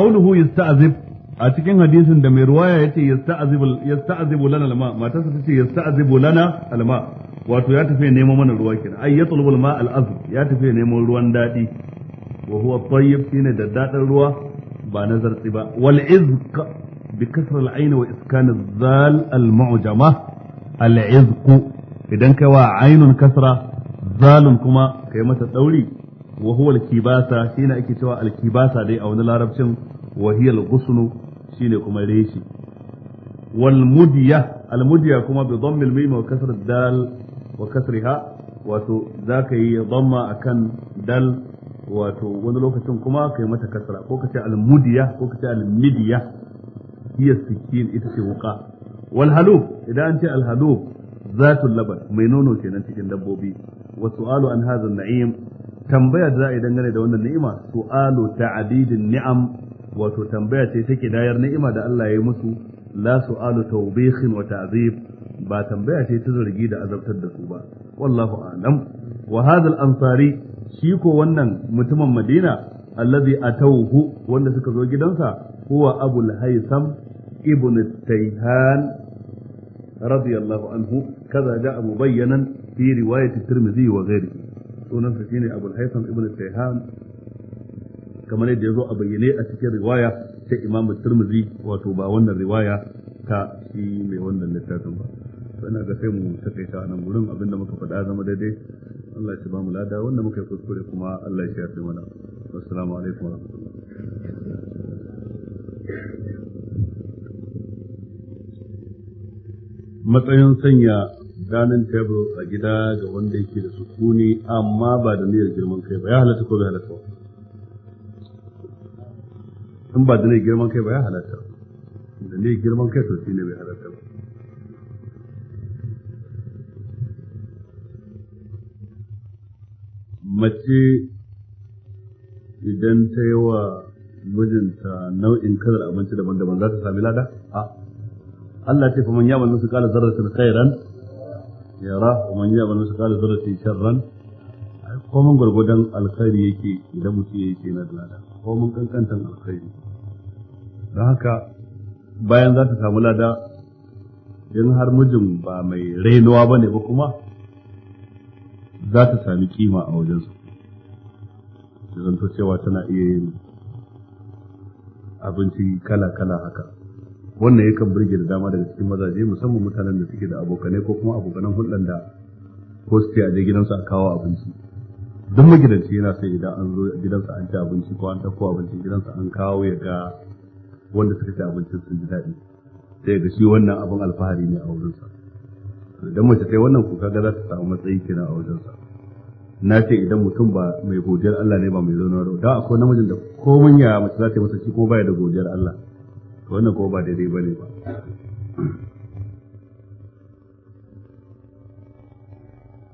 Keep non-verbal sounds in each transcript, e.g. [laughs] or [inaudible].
qawluhu yasta'zib a cikin hadisin da mai ruwa yace yasta'zibu yasta'zibu lana alma matarsa tace yasta'zibu lana alma wato ya tafi neman mana ruwa kenan ai yatlubul ma al'azb ya tafi neman ruwan daɗi wa huwa tayyib shine da daɗin ruwa ba na zartsi ba wal izq bi kasr al zal idan kai wa kasra zalun kuma kai mata wa huwa al-kibasa ake cewa al-kibasa dai a wani larabcin wa gusnu al-ghusnu shine kuma reshi wal mudiya al mudiya kuma bi dhammi al wa kasr dal wa kasriha wato zaka yi akan dal wato wani lokacin kuma kai mata kasra ko kace al mudiya ko kace al midiya hiya sikin ita ce wuka wal idan an ce al halub zatul laban mai nono kenan cikin dabbobi wa su'alu an hadha na'im tambaya da za a yi dangane da wannan ni'ima su'alu ta'abidin ni'am wato tambaya ce take dayar ni'ima da Allah ya yi musu la su'alu tawbihin wa ta'zib ba tambaya ce ta zargi da azabtar da su ba wallahu a'lam wa hadha ansari shi ko wannan mutumin Madina allazi atawhu wanda suka zo gidansa huwa abul haisam ibn tayhan radiyallahu anhu kaza ja'a mubayyanan fi riwayat at-tirmidhi wa ghayrihi sunansa shine Abul Haytham ibn Sayhan kamar yadda ya zo a bayyane a cikin riwaya ta Imam Tirmidhi wato ba wannan riwaya ta shi mai wannan littafin ba ina ga sai mu takaita a nan gurin abinda muka faɗa zama daidai Allah ya ba mu lada wanda muka yi kuskure kuma Allah ya shafe mana assalamu alaikum wa matsayin sanya dining tebur a gida ga wanda yake da sukuni amma ba da niyyar girman kai ba ya halatta ko bai halatta ba in ba da niyyar girman kai ba ya halatta da niyyar girman kai to shine bai halatta ba mace idan ta yi wa mijinta nau'in kalar abinci daban-daban za ta sami lada? A. Allah ce fa man yamal nasu kala sun khairan yara su man ya'mal misqala shan ran. ko komin gwargwadon alkhairi yake idan mutum yake na lada komin kankantan alkhairi don haka bayan za ta samu lada in har mijin ba mai rainuwa ba ne ba kuma za ta sami kima a wajensu. Zan zanto cewa tana iya yin abinci kala-kala haka wannan ya kan burge da dama daga cikin mazaje musamman mutanen da suke da abokanai ko kuma abokanan hulɗan da ko a aje gidansu a kawo abinci duk magidanci yana sai idan an zo gidansa an ci abinci ko an ɗauko abinci gidansa an kawo ya ga wanda suka ci abincin sun ji daɗi sai ga shi wannan abin alfahari ne a wurinsa idan mace sai wannan kuka ga za ta samu matsayi kenan a wajensa na ce idan mutum ba mai godiyar Allah ne ba mai zauna da akwai namijin da komai ya mace za ta yi masa shi kuma baya da godiyar Allah wannan ko ba daidai ba ne ba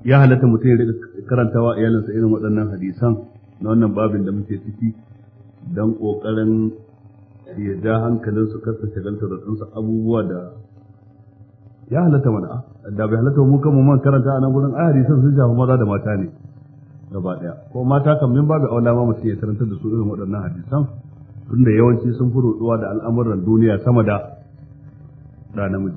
ya halatta mutum ya karantawa iyalinsa irin waɗannan hadisan na wannan babin da muke ciki don ƙoƙarin ya ja hankalin su kasa shagaltar da tsunsa abubuwa da ya halatta mana da bai halatta mu kan mu man karanta a nan gudun ai hadisan sun shafi maza da mata ne gaba ɗaya ko mata kan min babu aula ma mutum ya karanta da su irin waɗannan hadisan tunda yawanci sun fi roduwa da al'amuran duniya sama da da namiji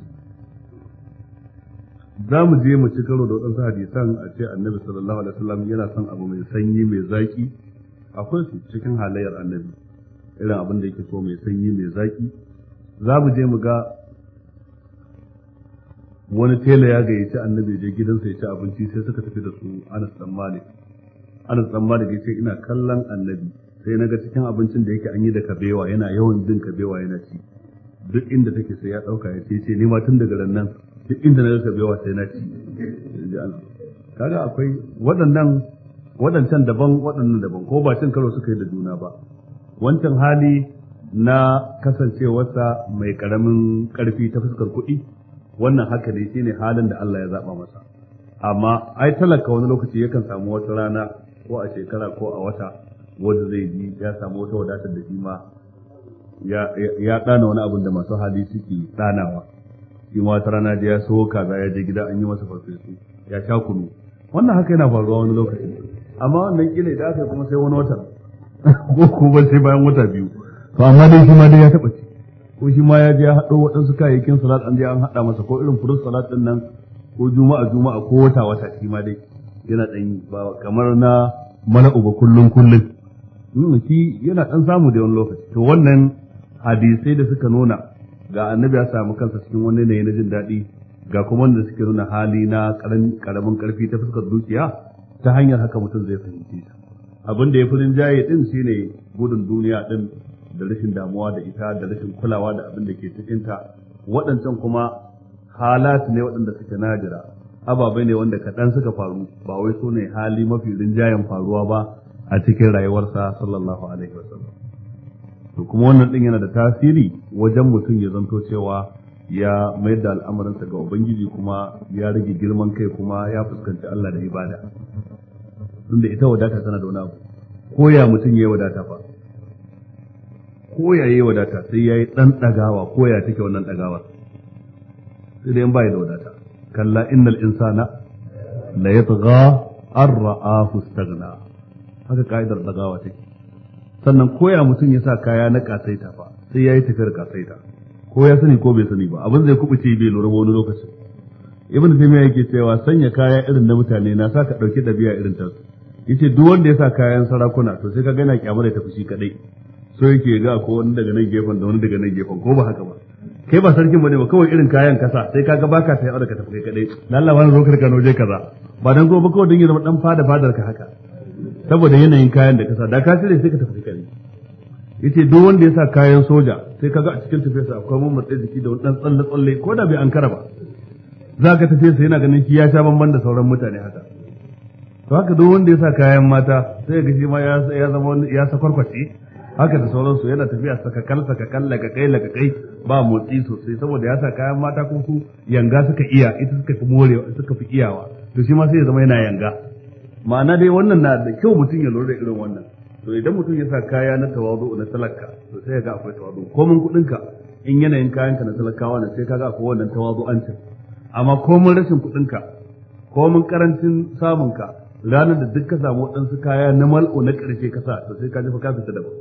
za mu je mu ci karo da waɗansu hadisan a ce annabi sallallahu alaihi wasallam yana son abu mai sanyi mai zaki akwai su cikin halayyar annabi irin abin da yake so mai sanyi mai zaki za mu je mu ga wani tela ya gayyaci annabi je gidansa ya ci abinci sai suka tafi da su Anas dan Malik Anas dan Malik ya ce ina kallon annabi sai na ga cikin abincin da yake an yi da kabewa yana yawan bin kabewa yana ci duk inda take sai ya dauka ya ce ni ma tun daga ran nan duk inda na ga kabewa sai na ci kaga akwai waɗannan waɗancan daban waɗannan daban ko ba cin karo suka yi da juna ba wancan hali na kasancewarsa mai karamin karfi ta fuskar kuɗi wannan haka ne shine halin da Allah ya zaba masa amma ai talaka wani lokaci yakan samu wata rana ko a shekara ko a wata wanda zai ji ya samu wata wadatar da shi ma ya ɗana wani abin da masu hali suke ɗanawa shi ma wata rana ya so kaza ya je gida an yi masa farfesu ya sha kunu wannan haka yana faruwa wani lokaci amma wannan kila idan aka kuma sai wani wata ko kuma sai bayan wata biyu to amma dai shi ma dai ya taɓa ci ko shi ma ya je ya haɗo waɗansu kayayyakin salat an je an haɗa masa ko irin furut salat ɗin nan ko juma'a juma'a ko wata wata shi ma dai yana ɗan yi ba kamar na mala'u ba kullum kullum nuna yana ɗan samu da wani lokaci to wannan hadisai da suka nuna ga annabi ya samu kansa cikin wani yanayi na jin daɗi ga kuma wanda suke nuna hali na karamin karfi ta fuskar dukiya ta hanyar haka mutum zai fahimci abin da ya furin jaye din shine gudun duniya din da rashin damuwa da ita da rashin kulawa da abin da ke cikin waɗancan kuma halat ne waɗanda suke najira ababai ne wanda kaɗan suka faru ba wai su ne hali mafi rinjayen faruwa ba a cikin rayuwarsa sallallahu alaihi wasallam to kuma wannan din yana da tasiri wajen mutum ya zanto cewa ya mayar da al'amarinsa ga ubangiji kuma ya rage girman kai kuma ya fuskanci Allah da ibada tunda ita wadata tana da wani abu ko ya mutum ya yi wadata fa ko ya yi wadata sai ya yi ɗan ɗagawa ko ya take wannan dagawa sai dai in bai da wadata kalla innal insana la yatgha ar ra'ahu istaghna haka ka'idar dagawa take sannan koya mutum ya sa kaya na kasaita fa sai ya yi tafiyar kasaita ko ya sani ko bai sani ba abin zai kuɓuce bai lura wani lokaci ibn taymiya yake cewa sanya kaya irin na mutane na sa ka ɗauki ɗabi'a irin ta yace duk wanda ya sa kayan sarakuna to sai ka gana kyamar ya tafi shi kadai so yake ga ko wani daga nan gefen da wani daga nan gefen ko ba haka ba kai ba sarkin bane ba kawai irin kayan kasa sai kaga baka sai da ka tafi kai kadai dan Allah wani zo ka waje kaza ba dan gobe kawai dan zama dan fada fadar ka haka saboda yanayin kayan da kasa da ka ya sai ka tafi kare yace duk wanda ya sa kayan soja sai kaga a cikin sa akwai mun matsayi jiki da wani dan tsalle tsalle ko da bai an kara ba za ka sai yana ganin shi ya sha bamban da sauran mutane haka to haka duk wanda ya sa kayan mata sai ga shi ma ya zama ya haka da sauransu yana tafiya laka kai laka kai ba motsi sosai saboda ya sa kayan mata kuma su yanga suka iya ita suka fi morewa suka fi iyawa to shi ma sai ya zama yana yanga ma'ana dai wannan na da kyau mutum ya lura irin wannan to idan mutum ya sa kaya na tawazu na talaka to sai ya ga akwai tawazu komin kuɗinka in yanayin kayan ka na talakawa ne sai kaga akwai wannan tawazu an ta amma komin rashin kuɗinka komin karancin ka ranar da duk ka samu kaya na mal'o na karshe ka sa to sai ka jefa ka ta daban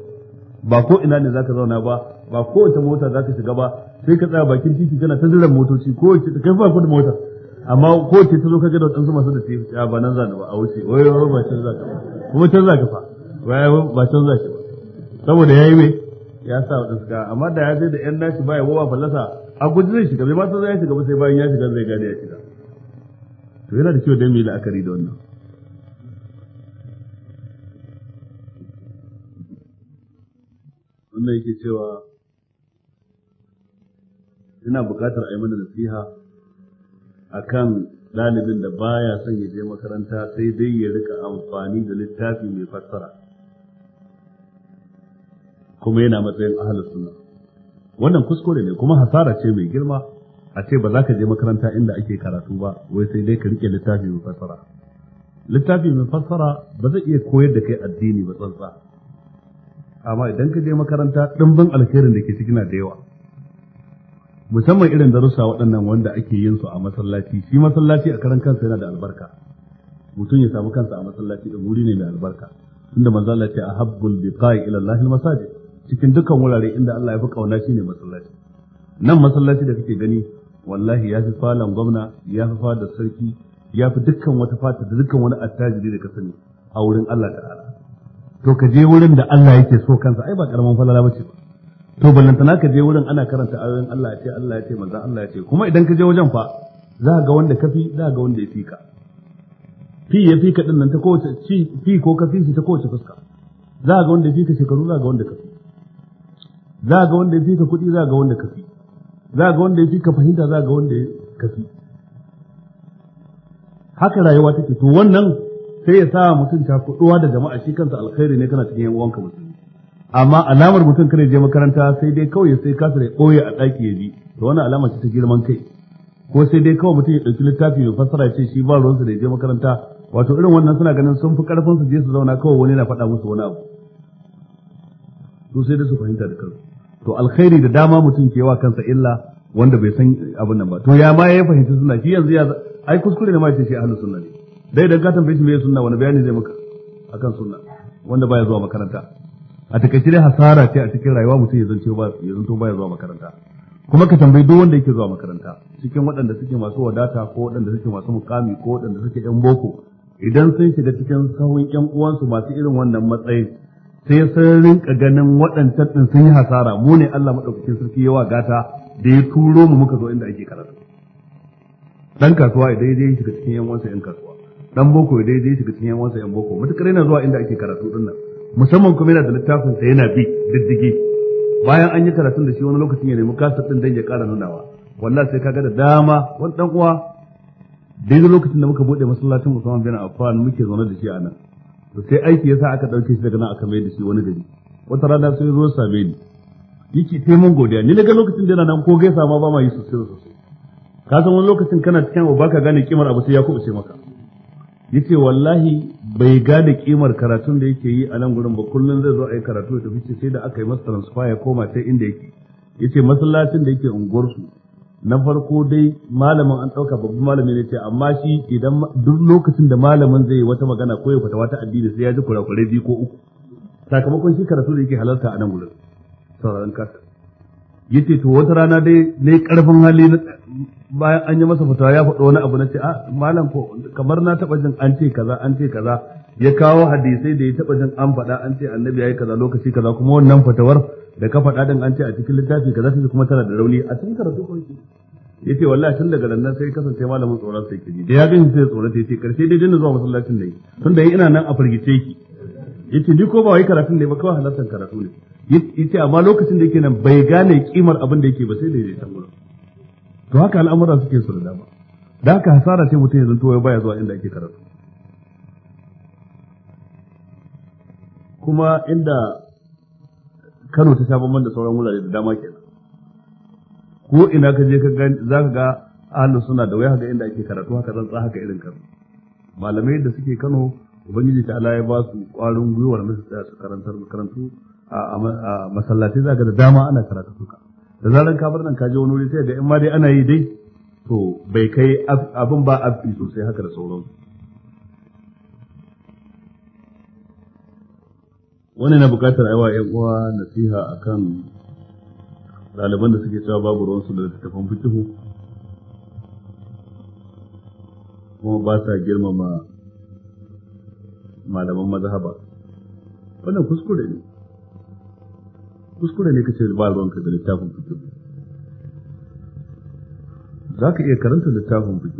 ba ko ina ne zaka zauna ba ba ko wata mota zaka shiga ba sai ka tsaya bakin titi kana ta jiran motoci kowace kai ba ku da motar amma ko ce ta zo kaga da wadansu masu da tafi ya ba nan za ba a wuce wai wai ba can za ka kuma can za ka fa wai ba can za shi ba saboda yayi me ya sa wadansu ka amma da ya je da yan nashi ya wawa fallasa a guji zai shiga bai ma san zai shiga ba sai bayan ya shiga zai gane ya shiga to yana da kyau dan mai yi la'akari da wannan wannan yake cewa ina bukatar a yi mana nasiha akan ɗalibin da baya son ya je makaranta sai dai ya rika amfani da littafi mai fassara kuma yana matsayin ahalar suna wannan kuskure ne kuma hasara ce mai girma a ce ba za ka je makaranta inda ake karatu ba wai sai dai ka rike littafi mai fassara littafi mai fassara ba zai iya koyar da kai addini ba tsantsa amma idan ka je makaranta ɗimbin alherin da ke cikin gina da yawa musamman irin darussa waɗannan wanda ake yin su a masallaci shi masallaci a karan kansa yana da albarka mutum ya samu kansa a masallaci da wuri ne mai albarka tunda manzo Allah ce ahabbul biqa'i ila Allah masajid cikin dukkan wurare inda Allah ya fi kauna shine masallaci nan masallaci da kake gani wallahi ya fi falon gwamna ya fi fada sarki ya fi dukkan wata fata da dukkan wani attajiri da ka sani a wurin Allah ta'ala to ka je wurin da Allah yake so kansa ai ba karaman falala bace ba to ballantana ka je wurin ana karanta ayoyin Allah ya ce Allah ya ce manzon Allah ya ce kuma idan ka je wajen fa za ka ga wanda kafi za ka ga wanda ya fi ka fi ya fi ka din nan ta kowace ci fi ko ka fi shi ta kowace fuska za ka ga wanda ya fi ka shekaru za ka ga wanda ka fi za ka ga wanda ya fi ka kuɗi za ka ga wanda ka fi za ka ga wanda ya fi ka fahimta za ka ga wanda ka fi haka rayuwa take to wannan sai ya sa mutum ta kuɗuwa da jama'a shi kansa alkhairi ne kana cikin yan uwanka mutum amma alamar mutum kare je makaranta sai dai kawai sai kasar ya ɓoye a ɗaki ya ji to wani alama ce ta girman kai ko sai dai kawai mutum ya ɗauki littafi mai fassara ce shi ba ruwansa da ya je makaranta wato irin wannan suna ganin sun fi ƙarfin su je su zauna kawai wani na faɗa musu wani abu to sai dai su fahimta da kansu to alkhairi da dama mutum ke wa kansa illa wanda bai san abin nan ba to ya ma ya fahimci suna shi yanzu ya ai kuskure ne ma ce shi ahlus sunna ne dai idan ka tambaye shi me sunna wani bayani zai maka akan sunna wanda baya zuwa makaranta a takaice dai hasara ce a cikin rayuwa mutum ya zanto ba ya zanto ba ya zuwa makaranta kuma ka tambayi duk wanda yake zuwa makaranta cikin waɗanda suke masu wadata ko waɗanda suke masu mukami ko waɗanda suke ɗan boko idan sun shiga cikin sahun ƴan uwansu masu irin wannan matsayin sai sun rinka ganin waɗancan ɗin sun yi hasara mu ne Allah maɗaukakin sarki yawa gata da ya turo mu muka zo inda ake karatu dan kasuwa idan ya shiga cikin ƴan uwansa ƴan kasuwa dan boko idan ya shiga cikin ƴan uwansa ƴan boko matuƙar yana zuwa inda ake karatu ɗin nan musamman kuma yana da littafin sa yana bi diddigi bayan an yi karatun da shi wani lokacin ya nemi kasar din dan ya ƙara nunawa wallahi sai kaga da dama wani dan uwa daidai lokacin da muka bude masallacin Usman bin Affan muke zaune da shi a nan to sai aiki yasa aka dauke shi daga nan aka mai da shi wani gari wata rana sai zo same ni yake sai mun godiya ni daga lokacin da yana nan ko gaisa ma ba ma yi sosai sosai ka san wani lokacin kana cikin abu baka gane kimar abu sai ya sai maka yace wallahi bai gane kimar karatun da yake yi a nan gurin ba kullun zai zo a yi karatu da fice sai da aka yi masa transfer ya koma sai inda yake yace masallacin da yake unguwar su na farko dai malamin an dauka babban malami ne ce amma shi idan duk lokacin da malamin zai yi wata magana ko ya fata wata addini sai ya ji kurakurai biyu ko uku sakamakon shi karatu da yake halarta a nan gurin sauraron kasa yace to wata rana dai ne karfin hali bayan an yi masa fatawa ya faɗo wani abu na ce a ah, malam ko kamar na taɓa jin an ce kaza an ce kaza ya kawo hadisai da ya taɓa jin an faɗa an ce annabi yayi kaza lokaci kaza kuma wannan fatawar da ka faɗa din an ce a cikin littafi kaza sai kuma tana da rauni a cikin karatu ko yace wallahi tun daga nan sai kasance malamin tsoron sai kiji da ya gani sai tsoron sai ce karshe dai dinna zuwa masallacin ne tun da ina nan a firgice ki yace ni ko ba wai karatun ne ba kawai halartar karatu ne yace amma lokacin da yake nan bai gane kimar abin da yake ba sai da ya tambaya to haka al'amura suke su da dama da haka hasara ce mutum ya zanto ya baya zuwa inda ake karatu kuma inda Kano ta shafa man da sauran wurare da dama kenan ko ina ka je ka ga zaka ga ahlus suna da waya ga inda ake karatu haka tsaha haka irin Kano malamai da suke Kano ubangiji ta Allah ya ba su kwarin gwiwar nasu su karantar makarantu a masallatai zaka da dama ana karatu suka da zaran ka bar nan ka je wani wuri sai ga in ma dai ana yi dai to bai kai abin ba abin sosai haka da sauran wani na bukatar aiwa yan uwa nasiha kan ɗaliban da suke cewa babu ruwansu da littattafan fitihu kuma ba sa girmama malaman mazhaba wannan kuskure ne kuskure ne kace ba ruwanka da littafin fiqh za ka iya karanta littafin fiqh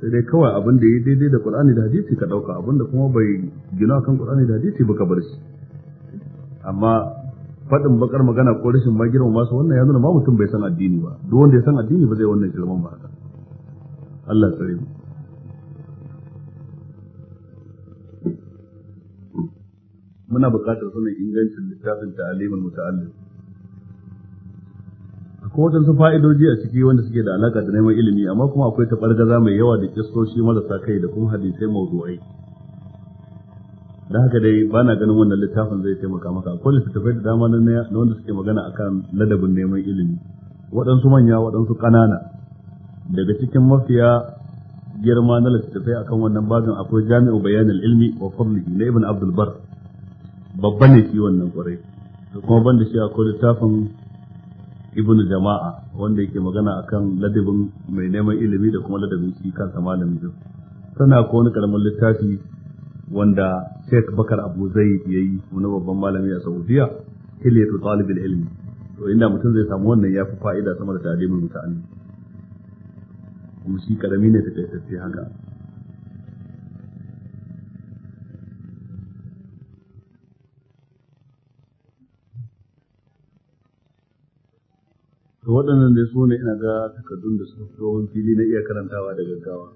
sai dai kawai abin da ya daidai da Qur'ani da hadisi ka dauka abin da kuma bai gina kan Qur'ani da hadisi ba ka bar shi amma faɗin bakar magana ko rashin ma girma masu wannan ya nuna ma mutum bai san addini ba duk wanda ya san addini ba zai wannan shirman ba haka Allah tsare mu muna buƙatar sanin ingancin littafin ta'alimul muta'allim akwai wadansu fa'idoji a ciki wanda suke da alaka da neman ilimi amma kuma akwai taɓargaza mai yawa da kistoshi marasa kai da kuma hadisai mawdu'ai da haka dai ba na ganin wannan littafin zai taimaka maka akwai littattafai da dama na wanda suke magana akan ladabin neman ilimi waɗansu manya waɗansu ƙanana daga cikin mafiya girma na littattafai akan wannan babin akwai jami'u bayanan ilmi wa fadlihi na ibn abdul bar babba ne shi wannan kwarai da kuma banda shi akwai littafin ibnu jama'a wanda yake magana akan ladabin mai neman ilimi da kuma ladabin shi kan malami din tana ko wani karamin littafi wanda Sheikh Bakar Abu ya yi wani babban malami a Saudiya hilyatu talibul ilmi to inda mutum zai samu wannan ya fi fa'ida sama da ta'limul mutane kuma shi karami ne ta haka to waɗannan dai su ne ina ga takardun da suka fito fili na iya karantawa da gaggawa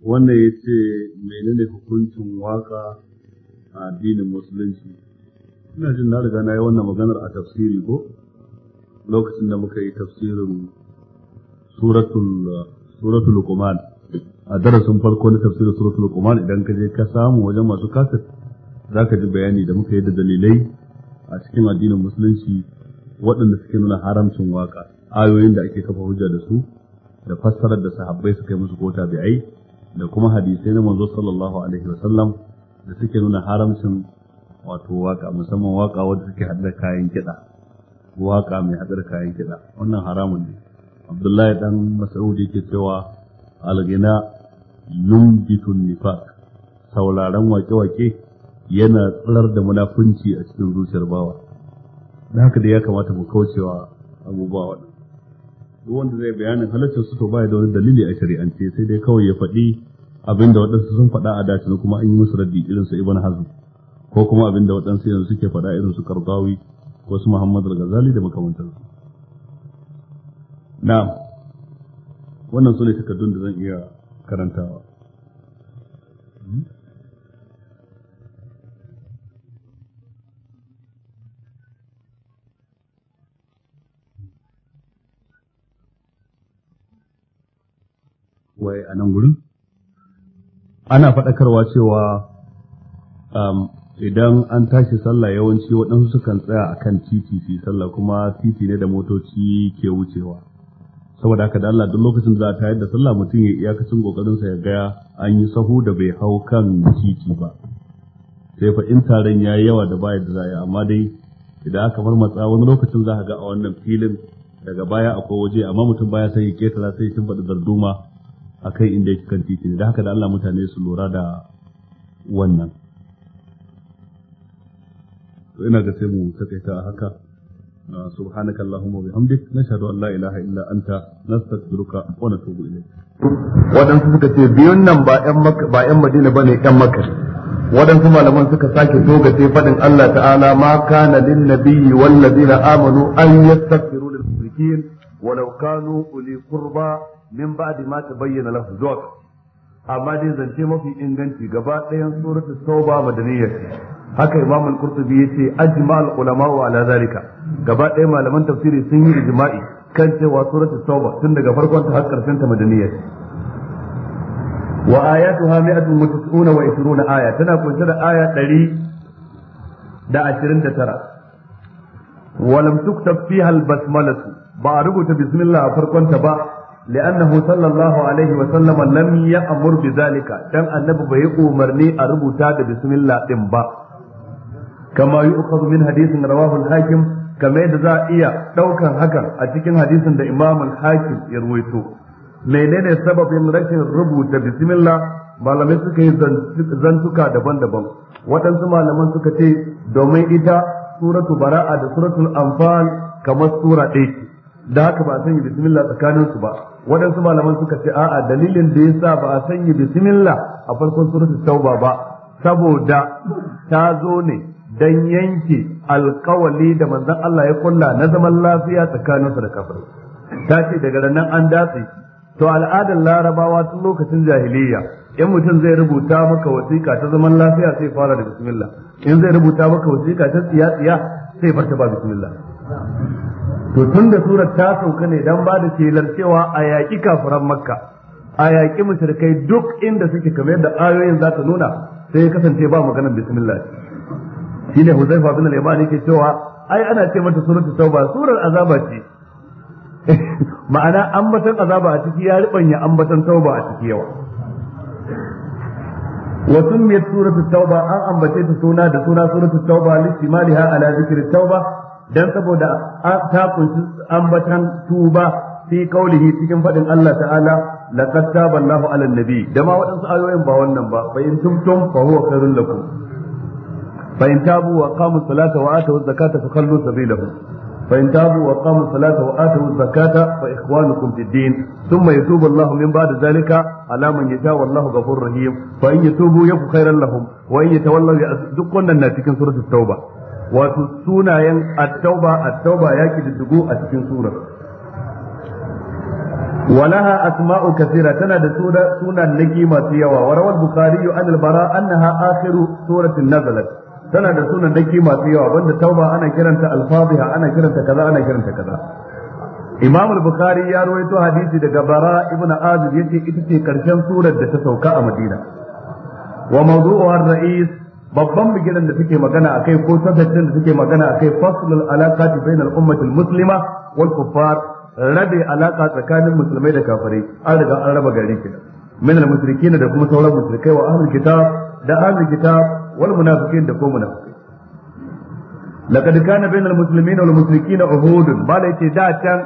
wannan ya ce menene hukuncin waka a addinin musulunci ina jin na riga na yi wannan maganar a tafsiri ko lokacin da muka yi tafsirin suratul suratul Luqman a darasin farko na tafsirin suratul Luqman idan ka je ka samu wajen masu kasar zaka ji bayani da muka yi da dalilai a cikin addinin musulunci waɗanda suke nuna haramcin waka ayoyin da ake kafa hujja da su da fassarar da sahabbai suka yi musu ko tabi'ai da kuma hadisai na manzo sallallahu alaihi wasallam da suke nuna haramcin wato waka musamman waka wadda suke haɗa kayan kiɗa waka mai haɗar kayan kiɗa wannan haramun ne abdullahi dan mas'udi yake cewa al-ghina yumbitu nifaq sauraron wake-wake yana tsirar da munafunci a cikin zuciyar bawa da haka da ya kamata mu kaucewa abubuwa waɗanda duk wanda zai bayanin halaccin su to ba da wani dalili a shari'ance sai dai kawai ya faɗi abin da waɗansu sun faɗa a dace kuma an yi musu raddi irin su ibn hazm ko kuma abin da waɗansu yanzu suke faɗa irin su karbawi ko su muhammad al-ghazali da makamantansu na'am wannan su ne takardun da zan iya karantawa hmm? Wai a nan guri? ana faɗakarwa cewa um, idan an tashi sallah yawanci waɗansu sukan tsaya akan kan titi su sallah kuma titi ne da motoci ke wucewa saboda haka da Allah duk lokacin da za ta yadda sallah mutum ya iyakacin kokarin sa ya gaya, an yi sahu da bai hau kan kiki ba sai fa in taron yi yawa da baya da zaya, amma dai idan aka bar matsa wani lokacin za ka ga a wannan filin daga baya akwai waje amma mutum baya sai ya ketara sai ya shimfiɗa darduma akai inda yake kan titi da haka da Allah mutane su lura da wannan to ina ga sai mu takaita haka سبحانك اللهم وبحمدك نشهد ان لا اله الا انت نستغفرك ونتوب اليك waɗansu suka ce biyun nan ba ƴan madina ba ne ‘yan makar waɗansu malaman suka sake toga sai faɗin Allah ta'ala ma kana lin nabiyyi wallazina amanu an yastaghfiru lil mushrikin walau kanu uli qurba min ba'di ma tabayyana lahu zuwa amma dai zance mafi inganci gaba ɗayan suratul tauba madaniyya haka imam al-qurtubi yace ajma al-ulama wa ala zalika gaba ɗaya malaman tafsiri sun yi ijma'i kan cewa suratul tauba tun daga farkon ta har karshen ta madaniyya wa ayatuha mi'atun wa tis'una wa ishruna aya tana kunshe da aya 129 wa lam tuktab fiha al-basmalah ba a rubuta bismillah a farkon ta ba لأنه صلى الله عليه وسلم لم يأمر بذلك دان النبي بي أمرني أربو بسم الله إن كما يؤخذ من hadisin رواه الحاكم hakim يدزا yadda za a iya ɗaukar hakan a cikin hadisin da Imam al-Hakim ya ruwaito menene sababin rakin rubuta bismillah malamai suka yi zantuka daban-daban waɗansu malaman suka ce domin ita suratu bara'a da suratul anfal kamar sura ɗaya da haka ba a sanya bismillah tsakanin su ba waɗansu malaman suka ce a'a dalilin da yasa ba a sanya bismillah a farkon suratul tauba ba saboda ta zo ne dan yanke alkawali da manzon Allah ya kulla na zaman lafiya tsakaninsa da kafirai ta ce daga nan an datse to al'adar larabawa tun lokacin jahiliya in mutum zai rubuta maka wasiƙa ta zaman lafiya sai fara da bismillah in zai rubuta maka wasiƙa ta tsiya tsiya sai farta ba bismillah to tun da surar ta sauka ne dan ba da shelar cewa a yaƙi kafiran makka a yaƙi mushrikai duk inda suke kamar yadda ayoyin za ta nuna sai ya kasance ba maganar bismillah shine Huzaifa bin al-Yamani yake cewa ai ana ce mata suratul tauba surar azaba ce [laughs] ma'ana ambatan azaba a ciki ya ribanya ambatan tauba a ciki yawa wa summiyat suratul tauba an ambace ta suna da suna suratul tauba listimaliha ala zikri tauba dan saboda ta kunshi ambatan tuba fi kaulihi cikin fadin Allah ta'ala laqad taballahu Allahu 'alan nabi da waɗansu ayoyin ba wannan ba fa in tumtum fa huwa khairul lakum fa in tabu wa qamu salata wa atu zakata fa khallu sabilahum fa in tabu wa qamu salata wa atu zakata fa ikhwanukum fid din thumma yatubu Allahu min ba'di zalika ala man yasha wallahu ghafurur rahim fa in yatubu yaku khairan lahum wa in yatawallaw duk wannan na cikin tauba sunayen at-tauba at-tauba ya a cikin surar ولها أسماء كثيرة تنا سورة سنة نجي سيوا وروى البخاري عن البراء أنها آخر سورة نزلت tana da sunan daki masu yawa banda tauba ana kiranta alfadhiha ana kiranta kaza ana kiranta kaza Imam al-Bukhari ya rawaito hadisi daga Bara ibn Azib yace ita ce karshen surar da ta sauka a Madina wa mawdu'u ar-ra'is babban bigiran da take magana akai ko sabbin da take magana akai faslul alaqati bainal ummati al-muslima wal kuffar rabe alaka tsakanin musulmai da kafirai an riga an raba gari kenan min al da kuma sauran mushrikai wa ahlul kitab da ahlul kitab wal munafiqin da ko munafiqin laqad kana bainal muslimina wal mushrikina uhudun bala yace da can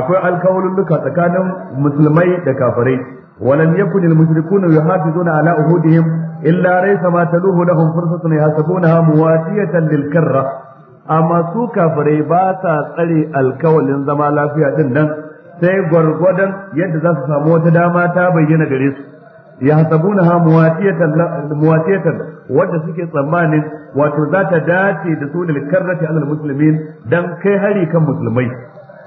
akwai alkawalulluka tsakanin musulmai da kafirai walam yakun al mushrikuna yuhafizuna ala uhudihim illa raisa ma taluhu lahum fursatun yahsabunaha muwatiyatan lil karra amma su kafirai ba sa tsare alkawalin zama lafiya din nan sai gwargwadon yadda za su samu wata dama ta bayyana gare su yahsabunaha muwatiyatan muwatiyatan wanda suke tsammanin wato za ta dace da su lil karrati alal muslimin dan kai hari kan musulmai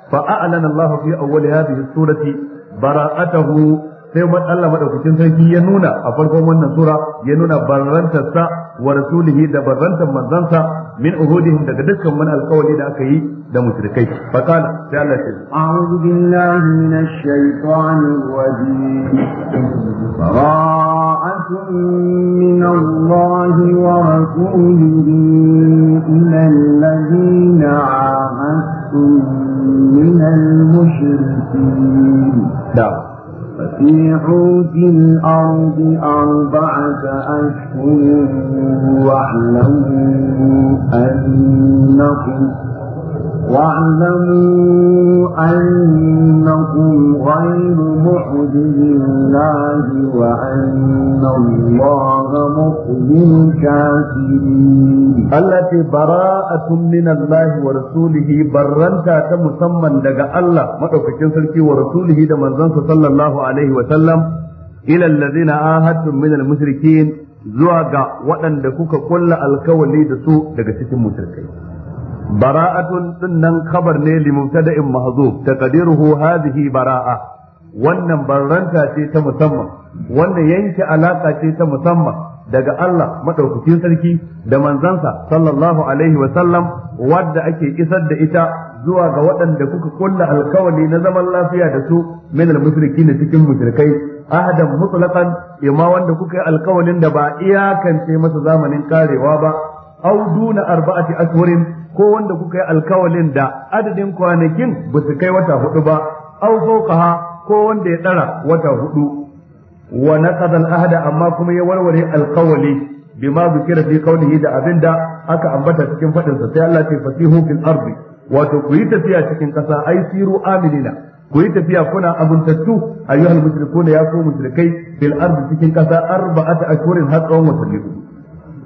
fa a'lana Allah fi awwal hadhihi surati bara'atahu sai Allah madaukakin sarki ya nuna a farkon wannan sura ya nuna barrantarsa wa rasulihi da barrantar manzansa min uhudihim daga dukkan wani alkawari da aka yi da mushrikai fa kana sai Allah ya a'udhu billahi minash shaitanir rajim ra'atun min Allah wa rasulihi ila alladhina ahadtum min فسيحوا في الأرض أربعة أشهر واعلموا أنكم واعلموا أنكم غير محجز الله وأن الله مخزي الكافرين التي براءة من الله ورسوله برنتا كمسمى لقى الله مدعوك كنسلكي ورسوله دمان صلى الله عليه وسلم إلى الذين آهدتم من المشركين zuwa ga waɗanda kuka kulla alkawali da su daga cikin mushrikai bara'atun din خبر khabar ne li تقديره هذه براءة bara'a wannan barranta ce ta musamman wannan yanke alaka ce ta musamman daga Allah madaukakin sarki da manzansa sallallahu alaihi wa sallam wadda ake isar da ita zuwa ga waɗanda kuka kulla alkawali na zaman lafiya da su min almusriki na cikin mushrikai ahadan mutlaqan imma wanda kuka yi alkawalin da ba iyakance masa zamanin karewa ba au duna arba'ati ashhurin ko wanda kuka yi alkawalin da adadin kwanakin ba su kai wata hudu ba Au fawqaha ko wanda ya tsara wata hudu wa naqada al-ahda amma kuma ya warware alkawali bima zikira fi qawlihi da abinda aka ambata cikin fadin sa sai Allah ya fasihu fil ardi wato ku yi tafiya cikin kasa ai siru Aminina. ku yi tafiya kuna abuntattu ayyuhal mushrikuna ya ku mushrikai bil ardi cikin kasa arba'ata ashhurin har tsawon watanni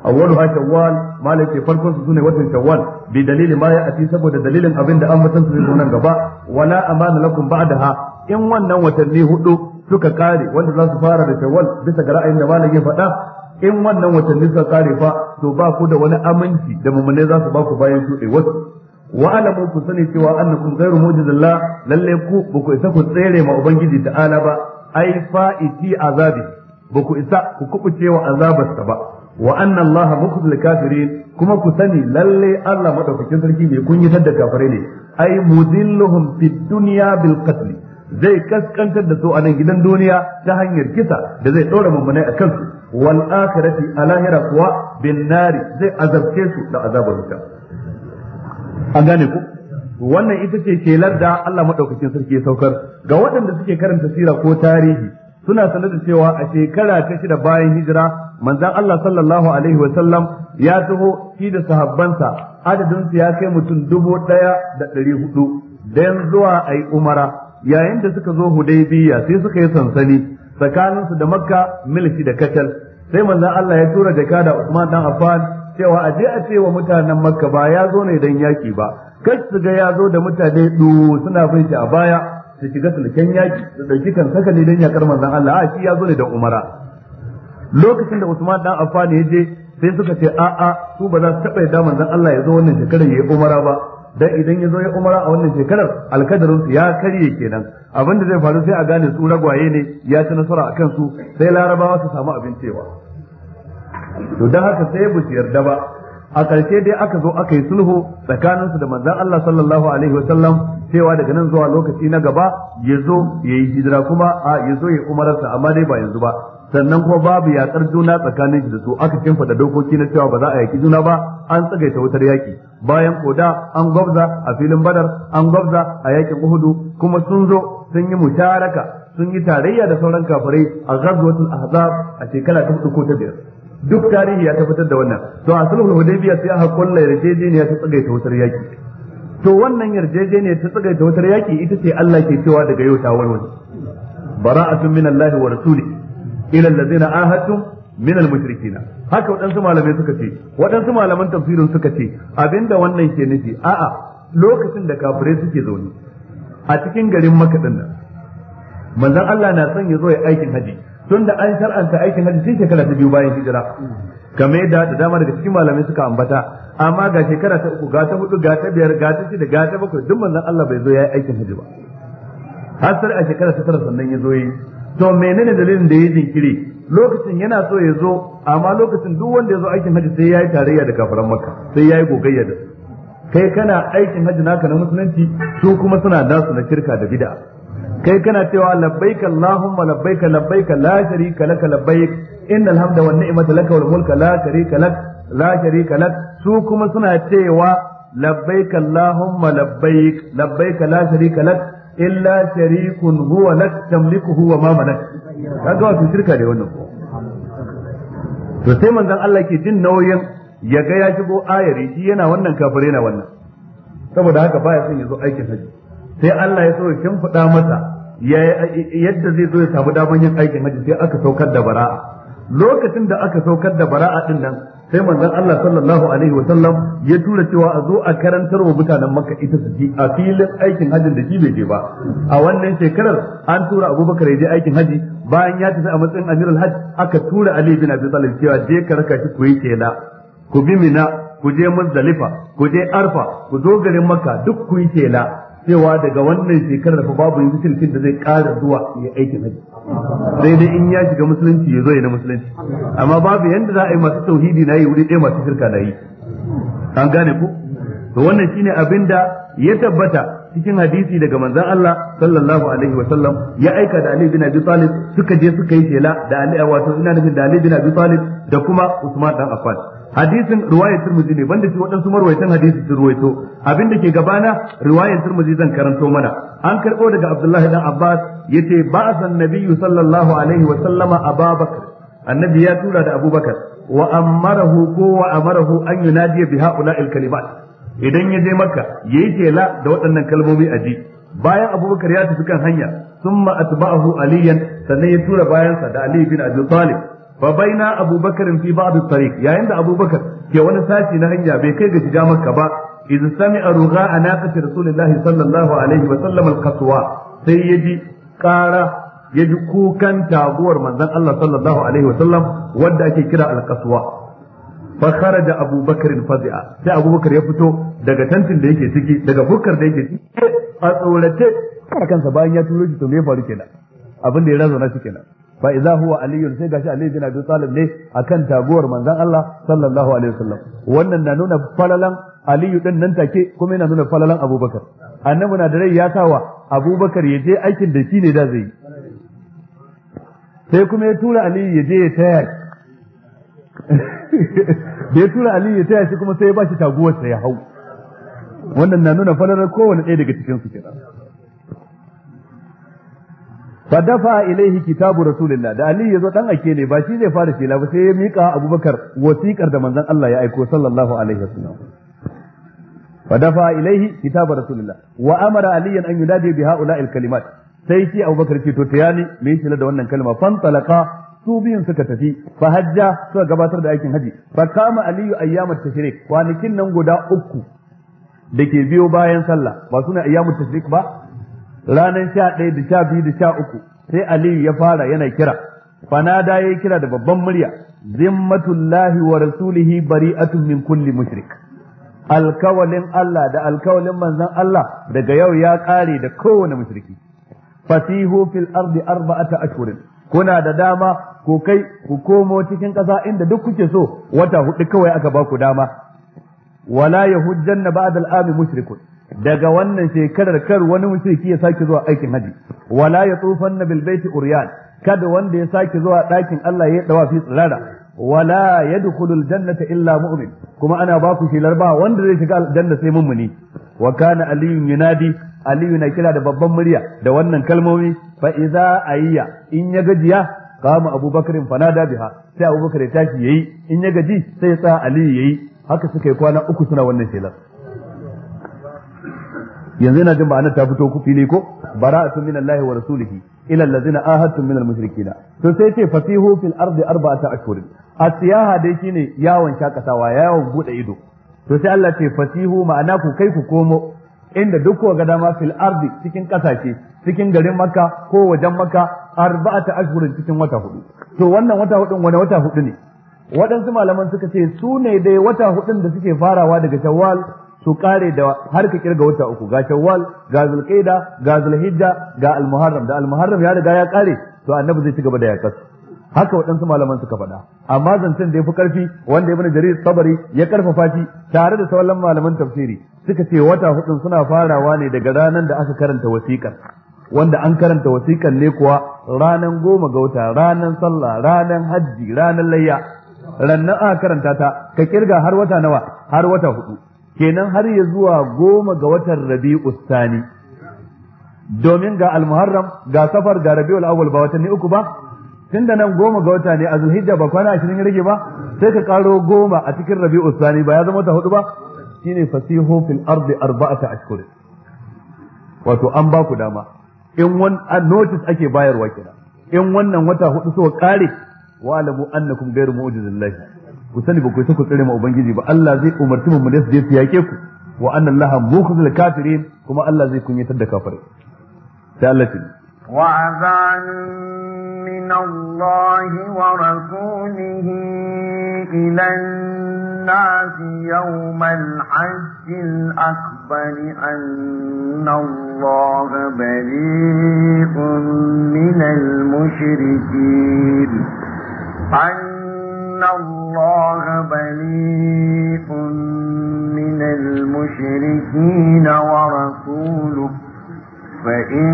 awwaluha shawwal malai ce farkon su sune watan shawwal bi dalili ma ati saboda dalilin abin da an batan su zai nan gaba wala amana lakum ba'daha in wannan watanni hudu suka kare wanda za su fara da shawwal bisa ga ra'ayin da malai ya faɗa in wannan watanni suka kare fa to ba ku da wani aminci da mummune za su ba ku bayan shuɗe wasu wa alamu ku sani cewa annakum ghairu mu'jizillah lalle ku ba ku isa ku tsere ma ubangiji ta'ala ba ai fa'iti azabi ba ku isa ku kubucewa azabarsa ba wa anna Allah bukhdul kafirin kuma ku sani lalle Allah madaukakin sarki mai kunyatar da kafirai ne ai mudilluhum fid dunya bil qatl zai kaskantar da su a nan gidan duniya ta hanyar kisa da zai dora mummunai a kansu wal akhirati a lahira kuwa bin nari zai azabce su da azabar wuta an gane ku wannan ita ce kelar da Allah madaukakin sarki ya saukar ga waɗanda suke karanta sira ko tarihi suna sanar da cewa a shekara ta shida bayan hijira Manzan Allah sallallahu alaihi wa sallam ya taho shi da sahabbansa adadin su ya kai mutum dubu ɗaya da ɗari hudu dan zuwa ayi umara yayin da suka zo hudaybiya sai suka yi sansani tsakaninsu da makka milki da kacal sai manzan Allah ya tura jaka da Usman dan Affan cewa a je a ce wa mutanen makka ba ya zo ne dan yaki ba kar su ga ya zo da mutane du suna bin shi a baya su shiga sulken yaki su dauki kan saka ne dan yakar manzan Allah a shi ya zo ne da umara lokacin da Usman dan Affan ya je sai suka ce a a su ba za su taba yadda manzon Allah ya zo wannan shekarar ya yi umara ba dan idan ya zo ya umara a wannan shekarar alkadarin ya karye kenan abin da zai faru sai a gane su ragwaye ne ya ci nasara akan su sai larabawa su samu abin cewa to dan haka sai bu yarda ba a karshe dai aka zo aka yi sulhu tsakaninsu da manzon Allah sallallahu alaihi wasallam cewa daga nan zuwa lokaci na gaba ya zo ya yi hijira kuma a ya zo ya umararsa amma dai ba yanzu ba sannan kuma babu yakar juna tsakanin shi da su aka kimfada dokoki na cewa ba za a yaki juna ba an tsagaita wutar yaki bayan koda an gwabza a filin badar an gwabza a yakin uhudu kuma sun zo sun yi musharaka sun yi tarayya da sauran kafirai a ghazwatul ahzab a shekara ta ko ta biyar duk tarihi ya tabbatar da wannan to a sulhul hudaybiya sai aka kulla yarjejeniya ta tsagaita wutar yaki to wannan yarjejeniya ta tsagaita wutar yaki ita ce Allah ke cewa daga yau ta warware bara'atun minallahi wa rasulihi ila allazina ahadtum min al-mushrikina haka waɗansu malamai suka ce waɗansu malaman tafsirin suka ce abinda wannan ke nufi a'a lokacin da kafirai suke zaune a cikin garin Makka din nan manzon Allah na son ya zo ya aikin haji tunda an shar'anta aikin haji cikin shekara ta biyu bayan hijira game da da dama daga cikin malamai suka ambata amma ga shekara ta uku ga ta hudu ga ta biyar ga ta shida ga ta bakwai duk manzon Allah bai zo ya aikin haji ba har sai a shekara ta tara sannan ya zo yi to menene dalilin da ya jinkiri lokacin yana so ya zo amma lokacin duk wanda ya zo aikin haji sai ya yi tarayya da kafaran maka sai ya yi gogayya da su kai kana aikin haji naka na musulunci su kuma suna nasu na shirka da bid'a kai kana cewa labbaika allahumma labbaika labbaika la sharika laka labbaik innal hamda wan ni'mata laka wal mulka la sharika lak la sharika lak su kuma suna cewa labbaika allahumma labbaik labbaika la sharika lak illa sharikun huwa lak tamliku huwa ma malak kaga wato shirka da wannan to sai manzon Allah ke jin nauyin ya ga ya shigo ayari shi yana wannan kafire yana wannan saboda haka baya son ya zo aikin haji sai Allah ya so ya kimfida masa yadda zai zo ya samu daman yin aikin haji sai aka saukar da bara'a lokacin da aka saukar da bara'a din nan sai manzon Allah sallallahu alaihi wa sallam ya tura cewa a zo a karantar wa mutanen Makka ita su ji a filin aikin hajjin da shi bai je ba a wannan shekarar an tura Abubakar ya je aikin haji bayan ya tafi a matsayin amirul hajj aka tura Ali bin Abi Talib cewa je ka raka shi ku yi kela ku bi mina ku je Muzdalifa ku je Arfa ku zo garin Makka duk ku yi kela cewa daga wannan shekarar fa babu yanzu tilkin da zai ƙara zuwa ya aiki haji sai dai in ya shiga musulunci ya zo ya na musulunci amma babu yanda za a yi masu tauhidi na yi wuri ɗaya masu shirka na yi an gane ku to wannan shine abin da ya tabbata cikin hadisi daga manzon Allah sallallahu alaihi wa sallam ya aika da Ali bin Abi Talib suka je suka yi shela da Ali wato ina nufin da Ali bin Abi Talib da kuma Usman dan Affan hadisin riwayar turmuzi ne banda shi waɗansu marwaitan hadisi sun ruwaito abin da ke gabana riwayar turmuzi zan karanto mana an karɓo daga abdullahi dan abbas yace ba'a nabiyyu sallallahu alaihi wa sallama ababakar annabi ya tura da abubakar wa amarahu ko wa amarahu an yunadi bi ha'ula'il kalimat idan ya je makka yayi tela da waɗannan kalmomi a ji bayan abubakar ya tafi kan hanya summa atba'ahu aliyan sannan ya tura bayansa da ali bin abi talib fa baina abubakar fi ba'd at-tariq yayin da abubakar ke wani sashi na hanya bai kai ga shiga makka ba idan sami sami'a ruga anaqati rasulillahi sallallahu alaihi wa sallam al-qaswa sai yaji ƙara yaji kukan taguwar manzon Allah sallallahu alaihi wa sallam wanda ake kira al-qaswa fa kharaja abubakar fazi'a sai abubakar ya fito daga tantin da yake ciki daga bukkar da yake ciki a tsorace kansa bayan ya turo shi to me faru kenan abin da ya razana shi kenan fa idza huwa aliyun sai gashi ali bin abi talib ne akan taguwar manzon Allah sallallahu alaihi wasallam wannan na nuna falalan aliyu din nan take kuma yana nuna falalan abubakar annabi na da rai ya sawa abubakar ya je aikin da shi ne da zai sai kuma ya tura aliyu ya je ya taya da ya tura aliyu ya taya shi kuma sai ya bashi taguwarsa ya hau wannan na nuna falalan kowane ɗaya daga cikin su kenan fa dafa ilaihi kitabu rasulillah da ya zo dan ake ne ba shi zai fara shela ba sai ya mika abubakar wasiƙar da manzon Allah ya aiko sallallahu alaihi wasallam fa dafa ilaihi kitabu rasulillah wa amara aliyan an yunadi bi haula'il kalimat sai shi abubakar ce to tayani me yake da wannan kalma fan talaqa su biyun suka tafi fa hajja suka gabatar da aikin hajji. fa kama aliyu ayyamat tashrik kwanakin nan guda uku da ke biyo bayan sallah ba suna ayyamat tashrik ba ranar sha ɗaya da sha biyu da sha uku sai aliyu ya fara yana kira fanada ya kira da babban murya zimmatullahi wa rasulihi bari'atun min kulli mushrik alkawalin Allah da alkawalin manzon Allah daga yau ya ƙare da kowane mushriki fasihu fil ardi arba'ata ashhurin kuna da dama ko kai ku komo cikin ƙasa inda duk kuke so wata hudu kawai aka ba ku dama wala yahujjanna ba'da al'ami mushrikun daga wannan shekarar kar wani mushriki ya sake zuwa aikin haji wala ya bil baiti uryan kada wanda ya sake zuwa ɗakin Allah ya dawa fi tsirara wala yadkhulul jannata illa mu'min kuma ana ba ku shelar ba wanda zai shiga aljanna sai mummuni wa kana aliyu yunadi aliyu na kira da babban murya da wannan kalmomi fa idza ayya in ya gajiya kama abubakarin fanada biha sai abubakar ya tashi yayi in ya gaji sai ya sa aliyu yayi haka suka yi kwana uku suna wannan shelar yanzu yana jin ba'anar ta fito ku fili ko bara'atun min Allah wa rasulihi ila allazina ahadtum min al-mushrikeen to sai ce fasihu fil ardi arba'ata ashhurin asiyaha dai shine yawon shakatawa yawon bude ido to sai Allah ce fasihu ma'ana ku kai ku komo inda duk ko ga dama fil ardi cikin kasashe cikin garin Makka ko wajen Makka arba'ata ashhurin cikin wata hudu to wannan wata hudun wani wata hudu ne waɗansu malaman suka ce su ne dai wata hudun da suke farawa daga Shawwal su kare da har ka kirga wata uku ga shawwal ga zulqaida ga zulhijja ga almuharram da almuharram ya riga ya kare to annabi zai ci gaba da yakas haka waɗansu malaman suka faɗa amma zancen da ya fi ƙarfi wanda ibn jarir sabari ya karfafa shi tare da sauran malaman tafsiri suka ce wata hudun suna farawa ne daga ranar da aka karanta wasiƙar wanda an karanta wasiƙar ne kuwa ranar goma ga wata ranar sallah ranar hajji ranar layya rannan aka karanta ta ka kirga har wata nawa har wata hudu kenan har ya zuwa goma ga watan rabi'u sani domin ga almuharram ga safar ga rabi'ul awwal ba watanni uku ba tunda nan goma ga wata ne a zulhijja ba kwana ashirin rage ba sai ka karo goma a cikin rabi'u sani ba ya zama ta hudu ba shine fasihu fil ardi arba'ata ashhur wato an ba ku dama in wan notice ake bayarwa kina in wannan wata hudu so kare wa alamu annakum ghairu mu'jizillahi ku sani ba ku yi ku tsire ma ubangiji ba Allah zai umarci mu da su je su yake ku wa anna Allah mukhzil kafirin kuma Allah zai kunyatar da kafirai sai Allah ce wa azan min Allah wa rasulihi ila الناس يوم الحج الأكبر أن الله بريء من المشركين إِنَّ اللَّهَ بَرِيءٌ مِّنَ الْمُشْرِكِينَ وَرَسُولُهُ فَإِن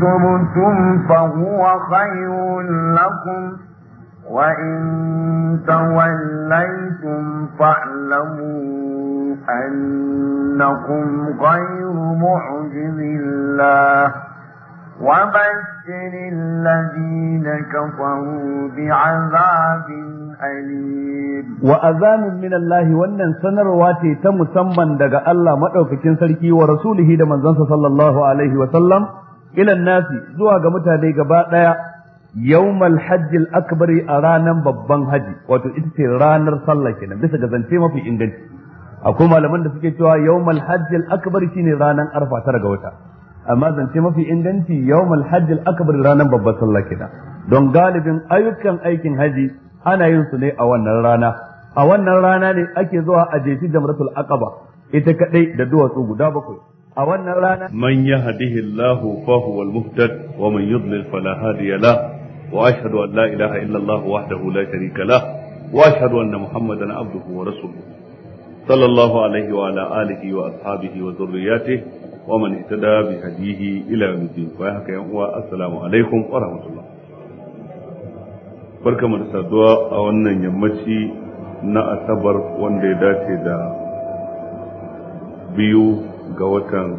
تُبْتُمْ فَهُوَ خَيْرٌ لَّكُمْ وَإِن تَوَلَّيْتُمْ فَاعْلَمُوا أَنَّكُمْ غَيْرُ مُعْجِزِ اللَّهِ وَبَشِّرِ الَّذِينَ كَفَرُوا بِعَذَابٍ wa azamin min Allah wannan sanarwa ce ta musamman daga Allah madaukakin sarki wa rasulihi da manzansa sallallahu alaihi wa sallam ilan nasi zuwa ga mutane gaba daya yawmal hajji al-akbari a ranar babban haji wato ita ce ranar sallah kenan bisa ga zance mafi inganci akwai malaman da suke cewa yawmal hajji al-akbari shine ranar arfa tara ga wata amma zance mafi inganci yawmal hajji al-akbari ranan babban sallah kenan don galibin ayyukan aikin haji ana yin su ne a wannan rana a wannan rana ne ake zuwa a jefi jamratul aqaba ita kadai da duwatsu guda bakwai a wannan rana man yahdihillahu fa huwal muhtad wa man yudlil fala hadiya la wa ashhadu an la ilaha illa allah wahdahu la sharika la wa ashhadu anna muhammadan abduhu wa rasuluhu sallallahu alaihi wa ala alihi wa ashabihi wa dhurriyyatihi ومن اهتدى بهديه الى يوم الدين فهكا يا assalamu alaikum wa rahmatullah barka mu da saduwa a wannan yammaci na asabar wanda ya dace da biyu ga watan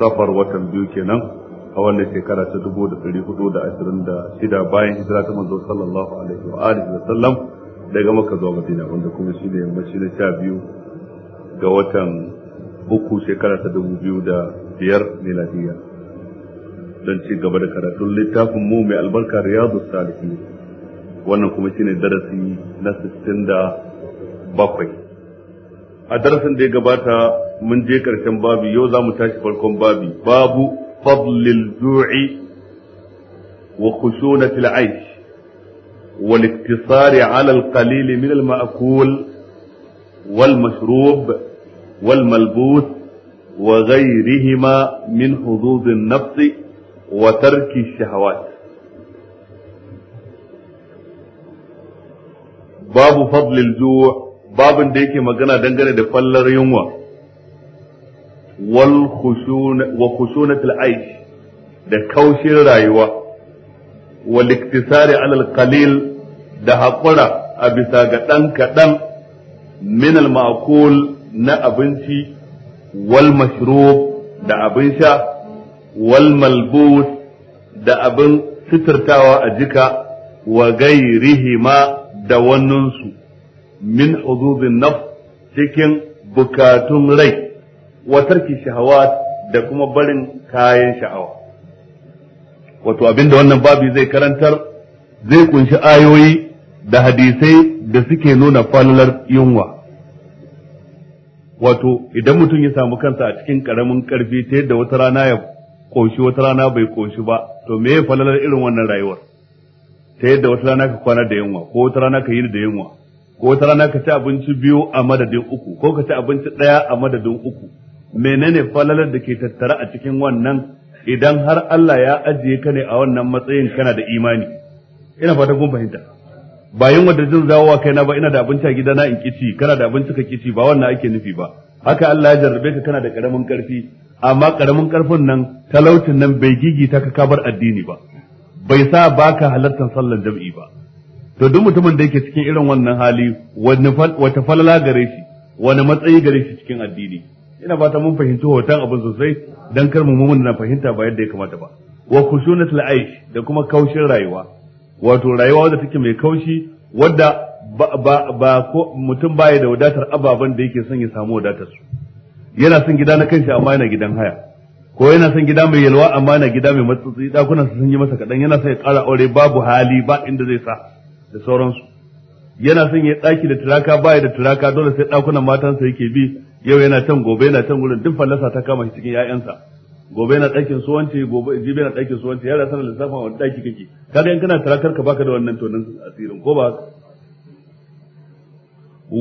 safar watan biyu kenan a wannan shekara ta dubu da ɗari hudu da ashirin da shida bayan hijira ta manzo sallallahu alaihi wa alihi wa sallam daga maka zuwa madina wanda kuma shi ne yammaci na sha biyu ga watan uku shekara ta dubu biyu da biyar miladiyya don ci gaba da karatun littafin mu mai albarka riyadu salihin wannan kuma shine darasi na 67 a darasin da ya gabata mun je karshen babi yau za mu tashi farkon babi babu fadlil zu'i wa khushunatil aish wal iktisar ala al qalil min al ma'kul wal mashrub wal malbus وغيرهما من حظوظ النفس وترك الشهوات babu fadlil ju' babin da yake magana dangane da fallar yunwa wal khushuna wa khushunatil aish da kaushin rayuwa wal iktisari alal qalil da haƙura a bisa ga ɗan kaɗan min al ma'kul na abinci wal mashrub da abin sha wal malbus da abin sitirtawa a jika wa gairihi ma da wannansu min huzuzin naf cikin bukatun rai wa tarki shahawat da kuma barin kayan sha'awa wato abinda wannan babu zai karantar zai kunshi ayoyi da hadisai da suke nuna falalar yunwa wato idan mutum ya samu kansa a cikin karamin karfi ta yadda wata rana ya koshi wata rana bai koshi ba to me ya falalar irin wannan rayuwar ta yadda wata rana ka kwana da yunwa ko wata rana ka yi da yunwa ko wata rana ka ci abinci biyu a madadin uku ko ka ci abinci daya a madadin uku menene falalar da ke tattara a cikin wannan idan har Allah ya ajiye ka ne a wannan matsayin kana da imani ina fata kun fahimta ba yunwa zan zawo zawowa kaina ba ina da abinci a gidana in kici kana da abinci ka kici ba wannan ake nufi ba haka Allah ya jarrabe ka kana da karamin karfi amma karamin karfin nan talaucin nan bai gigita ka kabar addini ba bai sa baka halartar sallar jam'i ba to duk mutumin da yake cikin irin wannan hali wata falala gare shi wani matsayi gare shi cikin addini ina fata mun fahimci hoton abin sosai dan kar mu mun na fahimta ba yadda ya kamata ba wa khushunatul aish da kuma kaushin rayuwa wato rayuwa wadda take mai kaushi wadda ba ba ko mutum baya da wadatar ababen da yake son ya samu wadatar su yana son gida na kanshi amma yana gidan haya ko yana son gida mai yalwa amma yana gida mai matsatsi dakunan su sun yi masa kaɗan yana son ya ƙara aure babu hali ba inda zai sa da sauransu yana son ya ɗaki da turaka baya da turaka dole sai ɗakunan matansa yake bi yau yana can gobe yana can gurin duk fallasa ta kama shi cikin ƴaƴansa gobe yana ɗakin suwanci gobe jibe yana ɗakin suwanci wance yara sanar lissafin wani ɗaki kake kaga in kana turakar ka baka da wannan tonin asirin ko ba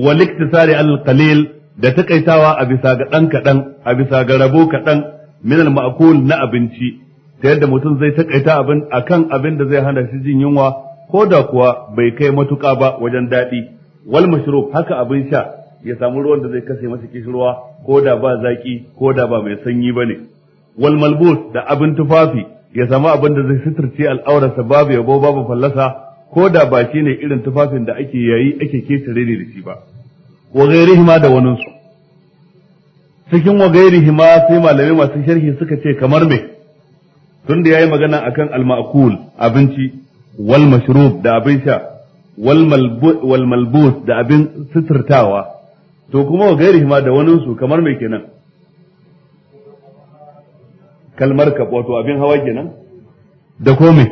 waliktisari al qalil da takaitawa a bisa ga ɗan kaɗan a bisa ga rabo kaɗan min al-ma'kul na abinci ta yadda mutum zai takaita abin akan abin da zai hana shi jin yunwa ko da kuwa bai kai matuka ba wajen daɗi wal mashrub haka abin sha ya samu ruwan da zai kashe masa kishirwa ko da ba zaki ko da ba mai sanyi bane wal malbus da abin tufafi ya samu abin da zai suturce al'aurarsa babu yabo babu fallasa ko da ba shi ne irin tufafin da ake yayi ake ketare ne da shi ba wa ma da waninsu cikin wa gairihi ma sai malamai masu sharhi suka ce kamar me tunda yayi magana akan al-ma'kul abinci wal mashrub da abin sha wal malbus da abin suturtawa to kuma wa gairihi ma da wani su kamar me kenan kalmar ka wato abin hawa kenan da kome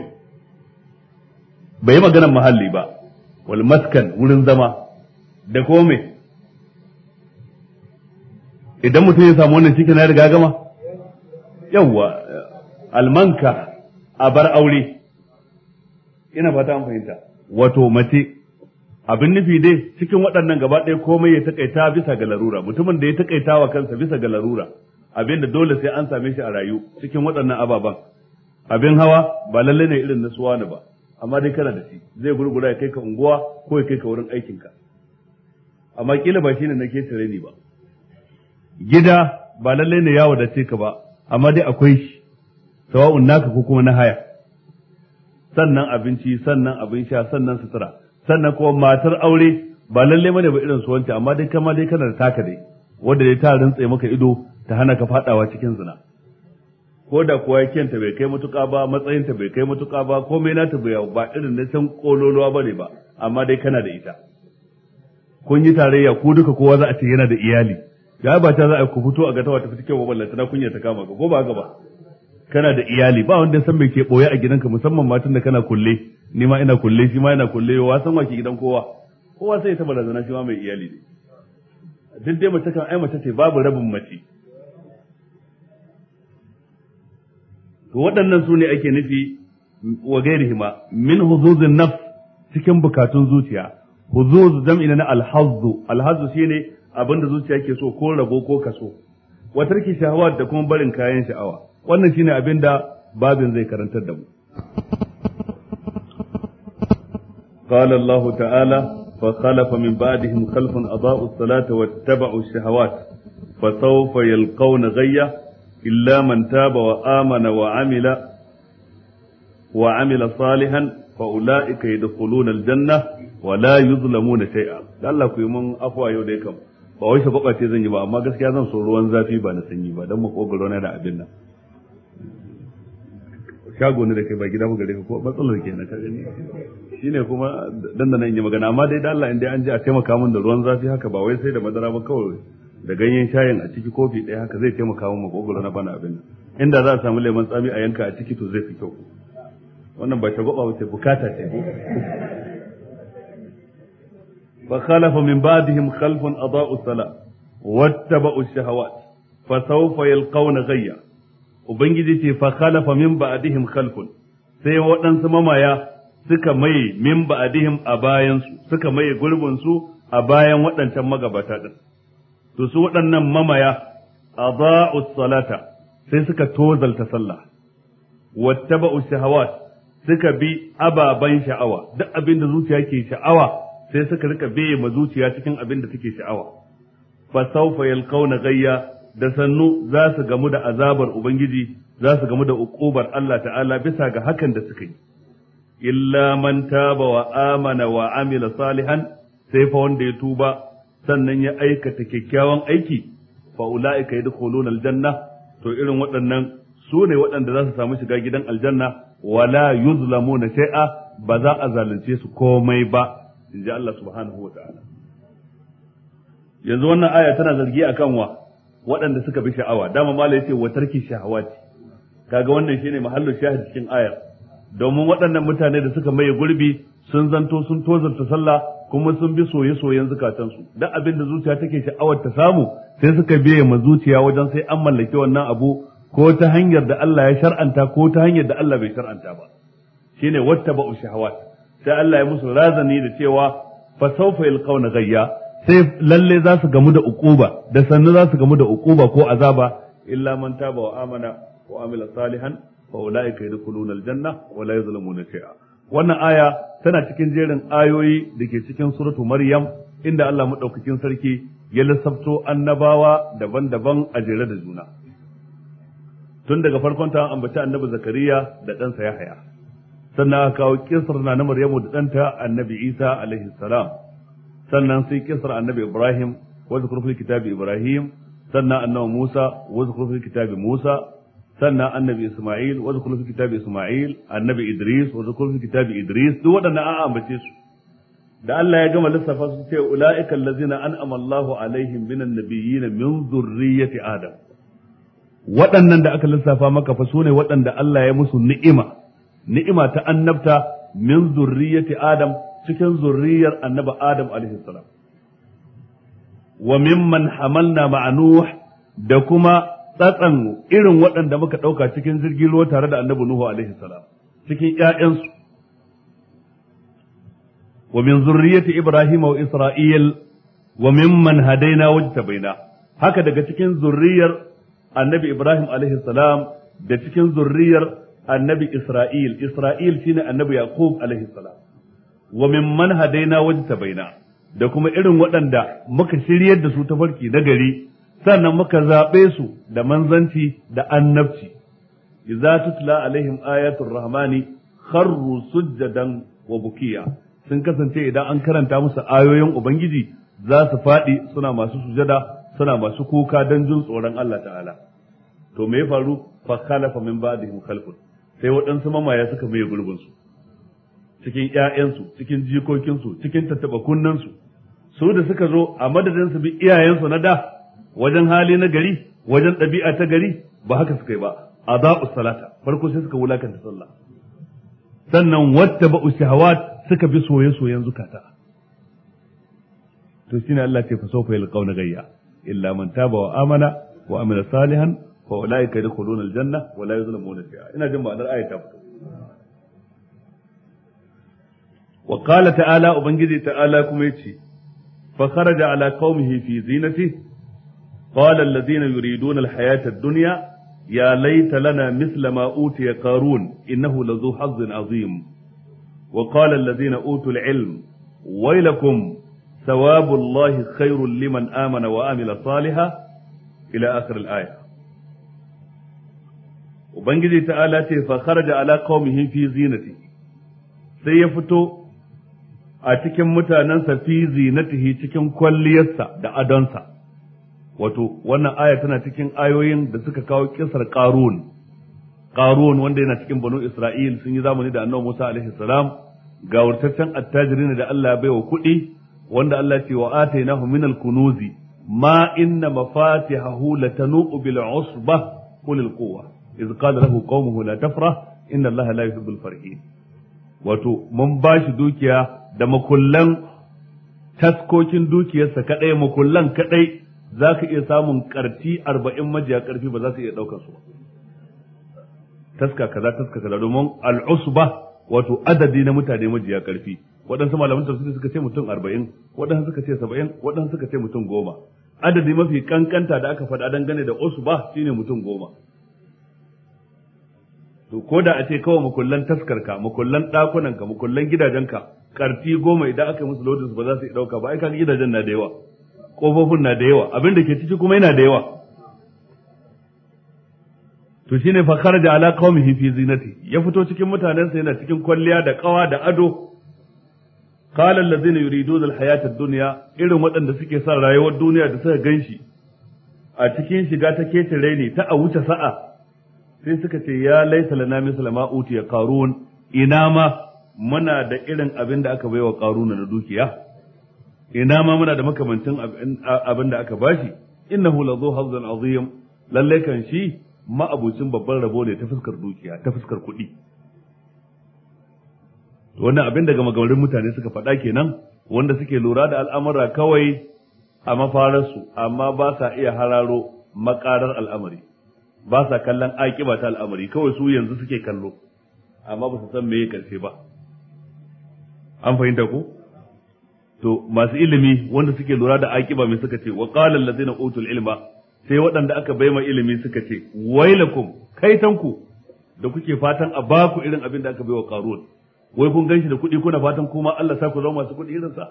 bai yi maganar muhalli ba wal maskan wurin zama da kome idan mutum ya samu wannan cikin ya riga gama yawwa almanka a bar aure ina fata an fahimta wato mace abin nufi dai cikin waɗannan gaba ɗaya komai ya takaita bisa ga larura mutumin da ya takaita wa kansa bisa ga larura abin da dole sai an same shi a rayu cikin waɗannan ababen abin hawa ba lalle ne irin na suwani ba amma dai kana da shi zai gurgura ya kai ka unguwa ko ya kai ka wurin aikinka amma kila ba shine ke tare ni ba gida ba lallai ne ya wadace ka ba amma dai akwai shi sawa'un naka ko kuma na haya sannan abinci sannan abin sha sannan sutura sannan kuma matar aure ba lallai bane ba irin su wance amma dai kama dai kana da taka dai wanda dai ta rintse maka ido ta hana ka fadawa cikin zina ko da kuwa kenta bai kai matuƙa ba matsayinta bai kai matuƙa ba komai nata bai ba irin na can kololuwa bane ba amma dai kana da ita kun yi tarayya ku duka kowa za a ce yana da iyali ya ba ta za a ku fito a ga tawa ta fita kyau ba kunya ta kama ga ko ba gaba. kana da iyali ba wanda san me ke boye a gidanka musamman matan da kana kulle ni ma ina kulle shi ma ina kulle wa san wake gidan kowa kowa sai ya taba lazana shi ma mai iyali ne duk dai mace kan ai mace ce babu rabin mace to waɗannan su ne ake nufi wa hima min huzuzin nafs cikin bukatun zuciya huzuz jam'i na alhazzu alhazzu shine abinda zuciya ke so ko rabo ko kaso wa tarki shahawat da kuma barin kayan sha'awa wannan shine abin da babin zai karantar da mu قال الله تعالى فخلف من بعدهم خلف أضاءوا الصلاة واتبعوا الشهوات فسوف يلقون غية إلا من تاب وآمن وعمل وعمل صالحا فأولئك يدخلون الجنة ولا يظلمون شيئا لعلكم يوم أفوى يوديكم ba wai shafaka ce zan yi ba amma gaskiya zan so ruwan zafi ba na sanyi ba don makogaro na da abin nan shago ne da kai ba gida ba gare ka ko matsalar ke na ka gani shine kuma dan da yi magana amma dai da Allah in an ji a taimaka min da ruwan zafi haka ba wai sai da madara ba kawai da ganyen shayin a ciki kofi ɗaya haka zai taimaka min makogaro na bana abin nan inda za a samu lemon tsami a yanka a ciki to zai fi kyau wannan ba shagwaba ba ce bukata ce fa khalafa min ba'dihim khalfun adaa'u salat wattaba'u shahawat fa sawfa yalqawna ghayya ubangiji ce fa khalafa min ba'dihim khalfun sai waɗansu mamaya suka maye min ba'dihim a bayan su suka maye gurbin a bayan waɗancan magabata din to su waɗannan mamaya a adaa'u salata sai suka tozalta sallah wattaba'u shahawat suka bi ababan sha'awa duk abin da zuciya ke sha'awa sai suka rika beye ma zuciya cikin abin da take sha'awa fa sawfa yalqawna gayya da sannu za su gamu da azabar ubangiji za su gamu da ukubar Allah ta'ala bisa ga hakan da suka yi illa man taba wa amana wa amila salihan sai fa wanda ya tuba sannan ya aikata kyakkyawan aiki fa ulaika yadkhuluna aljanna to irin waɗannan su ne waɗanda za su samu shiga gidan aljanna wala yuzlamuna shay'a ba za a zalunce su komai ba in ji Allah subhanahu wa ta'ala yanzu wannan aya tana zargi akan wa waɗanda suka bi sha'awa dama malai yace wa tarki shahawati kaga wannan shine mahallu shahid cikin aya domin waɗannan mutane da suka maye gurbi sun zanto sun tozarta sallah kuma sun bi soye-soyen zukatansu duk abin da zuciya take sha'awar ta samu sai suka biye ma zuciya wajen sai an mallaki wannan abu ko ta hanyar da Allah ya shar'anta ko ta hanyar da Allah bai shar'anta ba shine wattaba'u shahawat sai Allah ya musu razani da cewa fa sawfa yalqawna gayya sai lalle za su gamu da uquba da sannu za su gamu da ukuba ko azaba illa man taba wa amana wa amila salihan fa ulaika yadkhuluna aljanna wa la yuzlamuna shay'a wannan aya tana cikin jerin ayoyi da ke cikin suratu maryam inda Allah madaukakin sarki ya lissafto annabawa daban-daban a jere da juna tun daga farkon ta ambaci annabi zakariya da ɗansa yahaya sannan aka kawo kisar na maryamu da ɗanta annabi isa alaihi salam sannan sai kisar annabi ibrahim wa zikru fil kitabi ibrahim sannan annabi musa wa zikru fil kitabi musa sannan annabi isma'il wa zikru fil kitabi isma'il annabi idris wa zikru fil kitabi idris duk waɗannan an ambace su da Allah ya gama lissafa su ce ula'ikal ladzina an'ama Allahu alaihim minan nabiyyin min zurriyyati adam waɗannan da aka lissafa maka fa sune waɗanda Allah ya musu ni'ima ni'ima ta annabta min zurriyyati adam cikin zurriyar annaba adam alaihi salam wa mimman hamalna ma'a nuh da kuma tsatsan irin waɗanda muka ɗauka cikin jirgin ruwa tare da annabi nuhu alaihi salam cikin ƴaƴansu wa min zurriyyati ibrahim wa isra'il wa mimman hadaina wajtabaina haka daga cikin zurriyar annabi ibrahim alaihi salam da cikin zurriyar annabi Isra'il Isra'il shine annabi Yaqub alaihi salam wa mimman hadaina baina da kuma irin waɗanda muka shiryar da su ta farki na gari sannan muka zaɓe su da manzanci da annabci idza tutla alaihim ayatul rahmani kharru sujjadan wa bukiya sun kasance idan an karanta musu ayoyin ubangiji za su faɗi suna masu sujada suna masu kuka don jin tsoron Allah ta'ala to me ya faru fa khalafa min ba'dihim khalqun sai waɗansu mamaya suka maye gurbinsu cikin 'ya'yansu, cikin jikokinsu cikin tattaɓa kunnensu su da suka zo a madadin su bi iyayensu na da wajen hali na gari wajen ɗabi'a ta gari ba haka suka yi ba za'u salata farko sai suka wulakanta sallah sannan wata ba'u shahawat suka bi soye-soyen zukata to shine Allah ce fa sawfa yalqawna gayya illa man taba wa amana wa amila salihan فأولئك يدخلون الجنة ولا يظلمون شيئا إن جمع هذا الآية تابتو. وقال تعالى أبنجدي تعالى كميتي فخرج على قومه في زينته قال الذين يريدون الحياة الدنيا يا ليت لنا مثل ما أوتي قارون إنه لذو حظ عظيم وقال الذين أوتوا العلم ويلكم ثواب الله ubangiji ta'ala ce fa kharaja ala qaumihim fi zinati sai ya fito a cikin mutanensa fi zinatihi cikin kwalliyarsa da adonsa wato wannan aya tana cikin ayoyin da suka kawo kisar qarun qarun wanda yana cikin banu isra'il sun yi zamani da annabi Musa alaihi salam ga wurtaccen attajirin da Allah ya baiwa kuɗi wanda Allah ce wa atainahu minal kunuzi ma inna mafatihahu latanu bil usbah ulil quwwah iz qala lahu qaumuhu la tafrah inna allaha la yuhibbul farihin wato mun bashi dukiya da makullan taskokin dukiyarsa kadai makullan kadai za ka iya samun karti arba'in majiya karfi ba za su iya daukar su taska kaza taska kaza domin al'usba wato adadi na mutane majiya karfi waɗansu malaman tafsiri suka ce mutum arba'in waɗansu suka ce saba'in waɗansu suka ce mutum goma adadi mafi kankanta da aka faɗa dangane da usba shine mutum goma to ko da a ce kawai mukullan taskarka mukullan ɗakunanka mukullan gidajenka karfi goma idan aka yi musu lotus ba za su dauka ba ai kaga gidajen na da yawa kofofin na da yawa abin da ke ciki kuma yana da yawa to shine fa kharaja ala qaumihi fi zinati ya fito cikin mutanensa yana cikin kwalliya da kawa da ado qala allazina yuriduna alhayata ad-dunya irin waɗanda suke son rayuwar duniya da suka ganshi a cikin shiga ta kece ne ta a wuce sa'a sai suka ce ya laisa lana misla ma utiya qarun ina ma muna da irin abin da aka baiwa qaruna na dukiya ina ma muna da makamancin abin da aka bashi innahu lazu hazzan azim lalle kan shi ma'abucin babban rabo ne ta fuskar dukiya ta fuskar kuɗi wannan abin daga magamarin mutane suka faɗa kenan wanda suke lura da al'amura kawai a mafararsu amma ba sa iya hararo makarar al'amari ba sa kallon aƙiba ta al'amari kawai su yanzu suke kallo amma ba su san me karfe ba an fahimta ku? to masu ilimi wanda suke lura da aƙiba mai suka ce wa qala allazina utul ilma sai waɗanda aka bai baima ilimi suka ce wailakum kaitanku da kuke fatan a baku irin abin da aka baiwa qarun wai kun ganshi da kuɗi kuna fatan kuma Allah sa ku zama masu kuɗi irin sa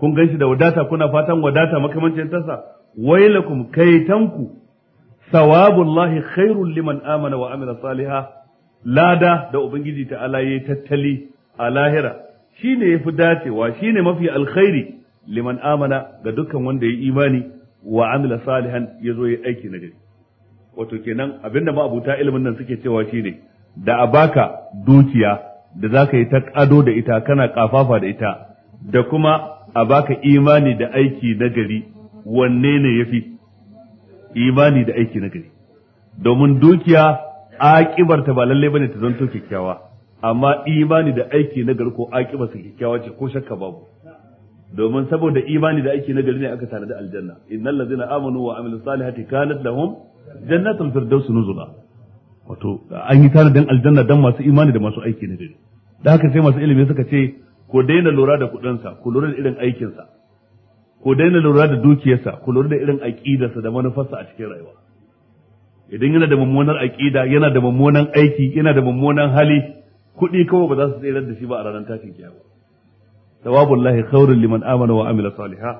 kun ganshi da wadata kuna fatan wadata makamancin tasa wailakum kaitanku Sawabullahi, khairul liman amana wa amila saliha lada da ubangiji ta ala tattali a lahira shine yafi dacewa shine mafi alkhairi liman amana ga dukkan wanda ya imani wa amila salihan yazo yayi aiki na gari wato kenan abinda ma'abuta ilimin nan suke cewa shine da a baka dukiya da zaka yi ta ado da ita kana kafafa da ita da kuma a baka imani da aiki na gari wanne ne yafi imani da aiki na gari domin dukiya akibarta ba lalle bane ta zanto kyakkyawa amma imani da aiki na gari ko akibarsa kyakkyawa ce ko shakka babu domin saboda imani da aiki na gari ne aka da aljanna innal ladzina amanu wa amilus salihati kanat lahum jannatul firdaus nuzula wato an yi tanadin aljanna dan masu imani da masu aiki na gari da haka sai masu ilimi suka ce ku daina lura da kudinsa ku lura da irin aikinsa ku daina lura da dukiyarsa ku lura da irin aqidarsa da manufarsa a cikin rayuwa idan yana da mummunar aqida yana da mummunan aiki yana da mummunan hali kuɗi kawai ba za su tsayar da shi ba a ranar tashin kiyama thawabullahi khairul liman amana wa amila salihah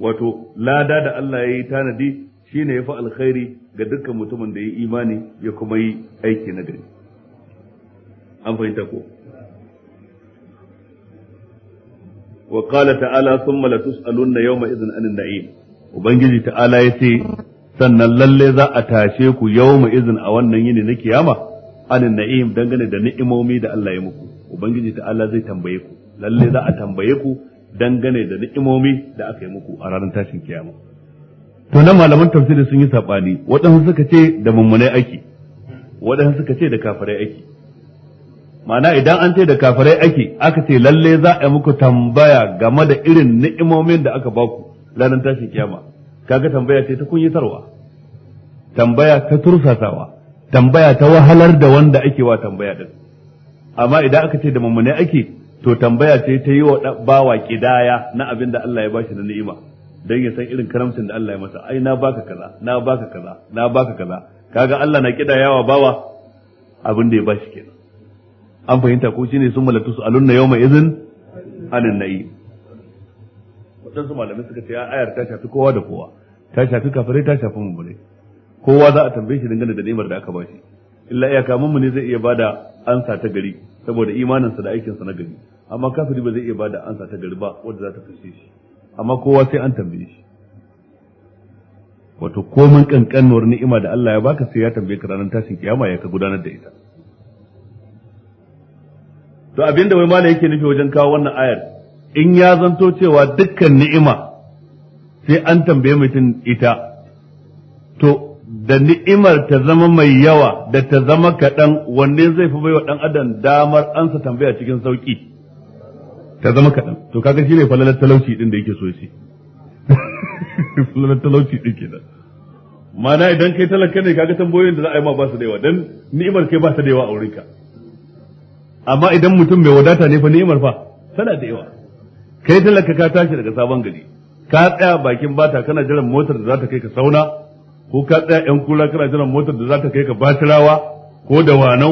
wato lada da Allah ya yi tanadi shine fi alkhairi ga dukkan mutumin da ya imani ya kuma yi aiki na gari an fahimta ko wa qala ta'ala thumma latus'alunna yawma idhin anin na'im ubangiji ta'ala yace sannan lalle za a tashe ku yawma idhin a wannan yini na kiyama anin na'im dangane da ni'imomi da Allah ya muku ubangiji ta'ala zai tambaye ku lalle za a tambaye ku dangane da ni'imomi da aka yi muku a ranar tashin kiyama to nan malaman tafsiri sun yi sabani waɗansu suka ce da mummunai aiki, waɗansu suka ce da kafirai aiki. ma'ana idan an ce da kafirai ake aka ce lalle za a muku tambaya game da irin ni'imomin da aka baku ranar tashin kiyama kaga tambaya ce ta kunyatarwa tambaya ta tursasawa tambaya ta wahalar da wanda ake wa tambaya din amma idan aka ce da mummune ake to tambaya ce ta yi wa bawa kidaya na abin da Allah ya bashi na ni'ima dan ya san irin karamcin da Allah ya masa ai na baka kaza na baka kaza na baka kaza kaga Allah na kidayawa bawa abin da ya bashi kenan an fahimta ko shine sun malatu su alunna yawma izin anin nayi wadansu malamai suka ce ayar ta shafi kowa da kowa ta shafi kafirai ta shafi mummune kowa za a tambaye shi dangane da ni'imar da aka ba shi illa iyaka ne zai iya bada ansa ta gari saboda imaninsa da aikinsa na gari amma kafiri ba zai iya bada ansa ta gari ba wanda za ta kashe shi amma kowa sai an tambaye shi wato komin kankanuwar ni'ima da Allah ya baka sai ya tambaye ka ranar tashin kiyama ya ka gudanar da ita to abin da wai mala yake nufi wajen kawo wannan ayar in ya zanto cewa dukkan ni'ima sai an tambaye mutum ita to da ni'imar ta zama mai yawa da ta zama kaɗan wanne zai fi baiwa ɗan adam damar ansa tambaya cikin sauƙi ta zama kaɗan to kaga shi ne falalar talauci ɗin da yake so shi [laughs] falalar talauci ɗin kenan ma'ana idan kai talaka ne kaga tambayoyin da za a yi ma ba su da yawa dan ni'imar kai ba ta da yawa a wurinka amma idan mutum mai wadata ne fa ni'imar fa tana da yawa kai talaka ka tashi daga sabon gari ka tsaya bakin bata kana jiran motar da za ta kai ka sauna ko ka tsaya yan kula kana jiran motar da za ta kai ka batirawa ko da wanau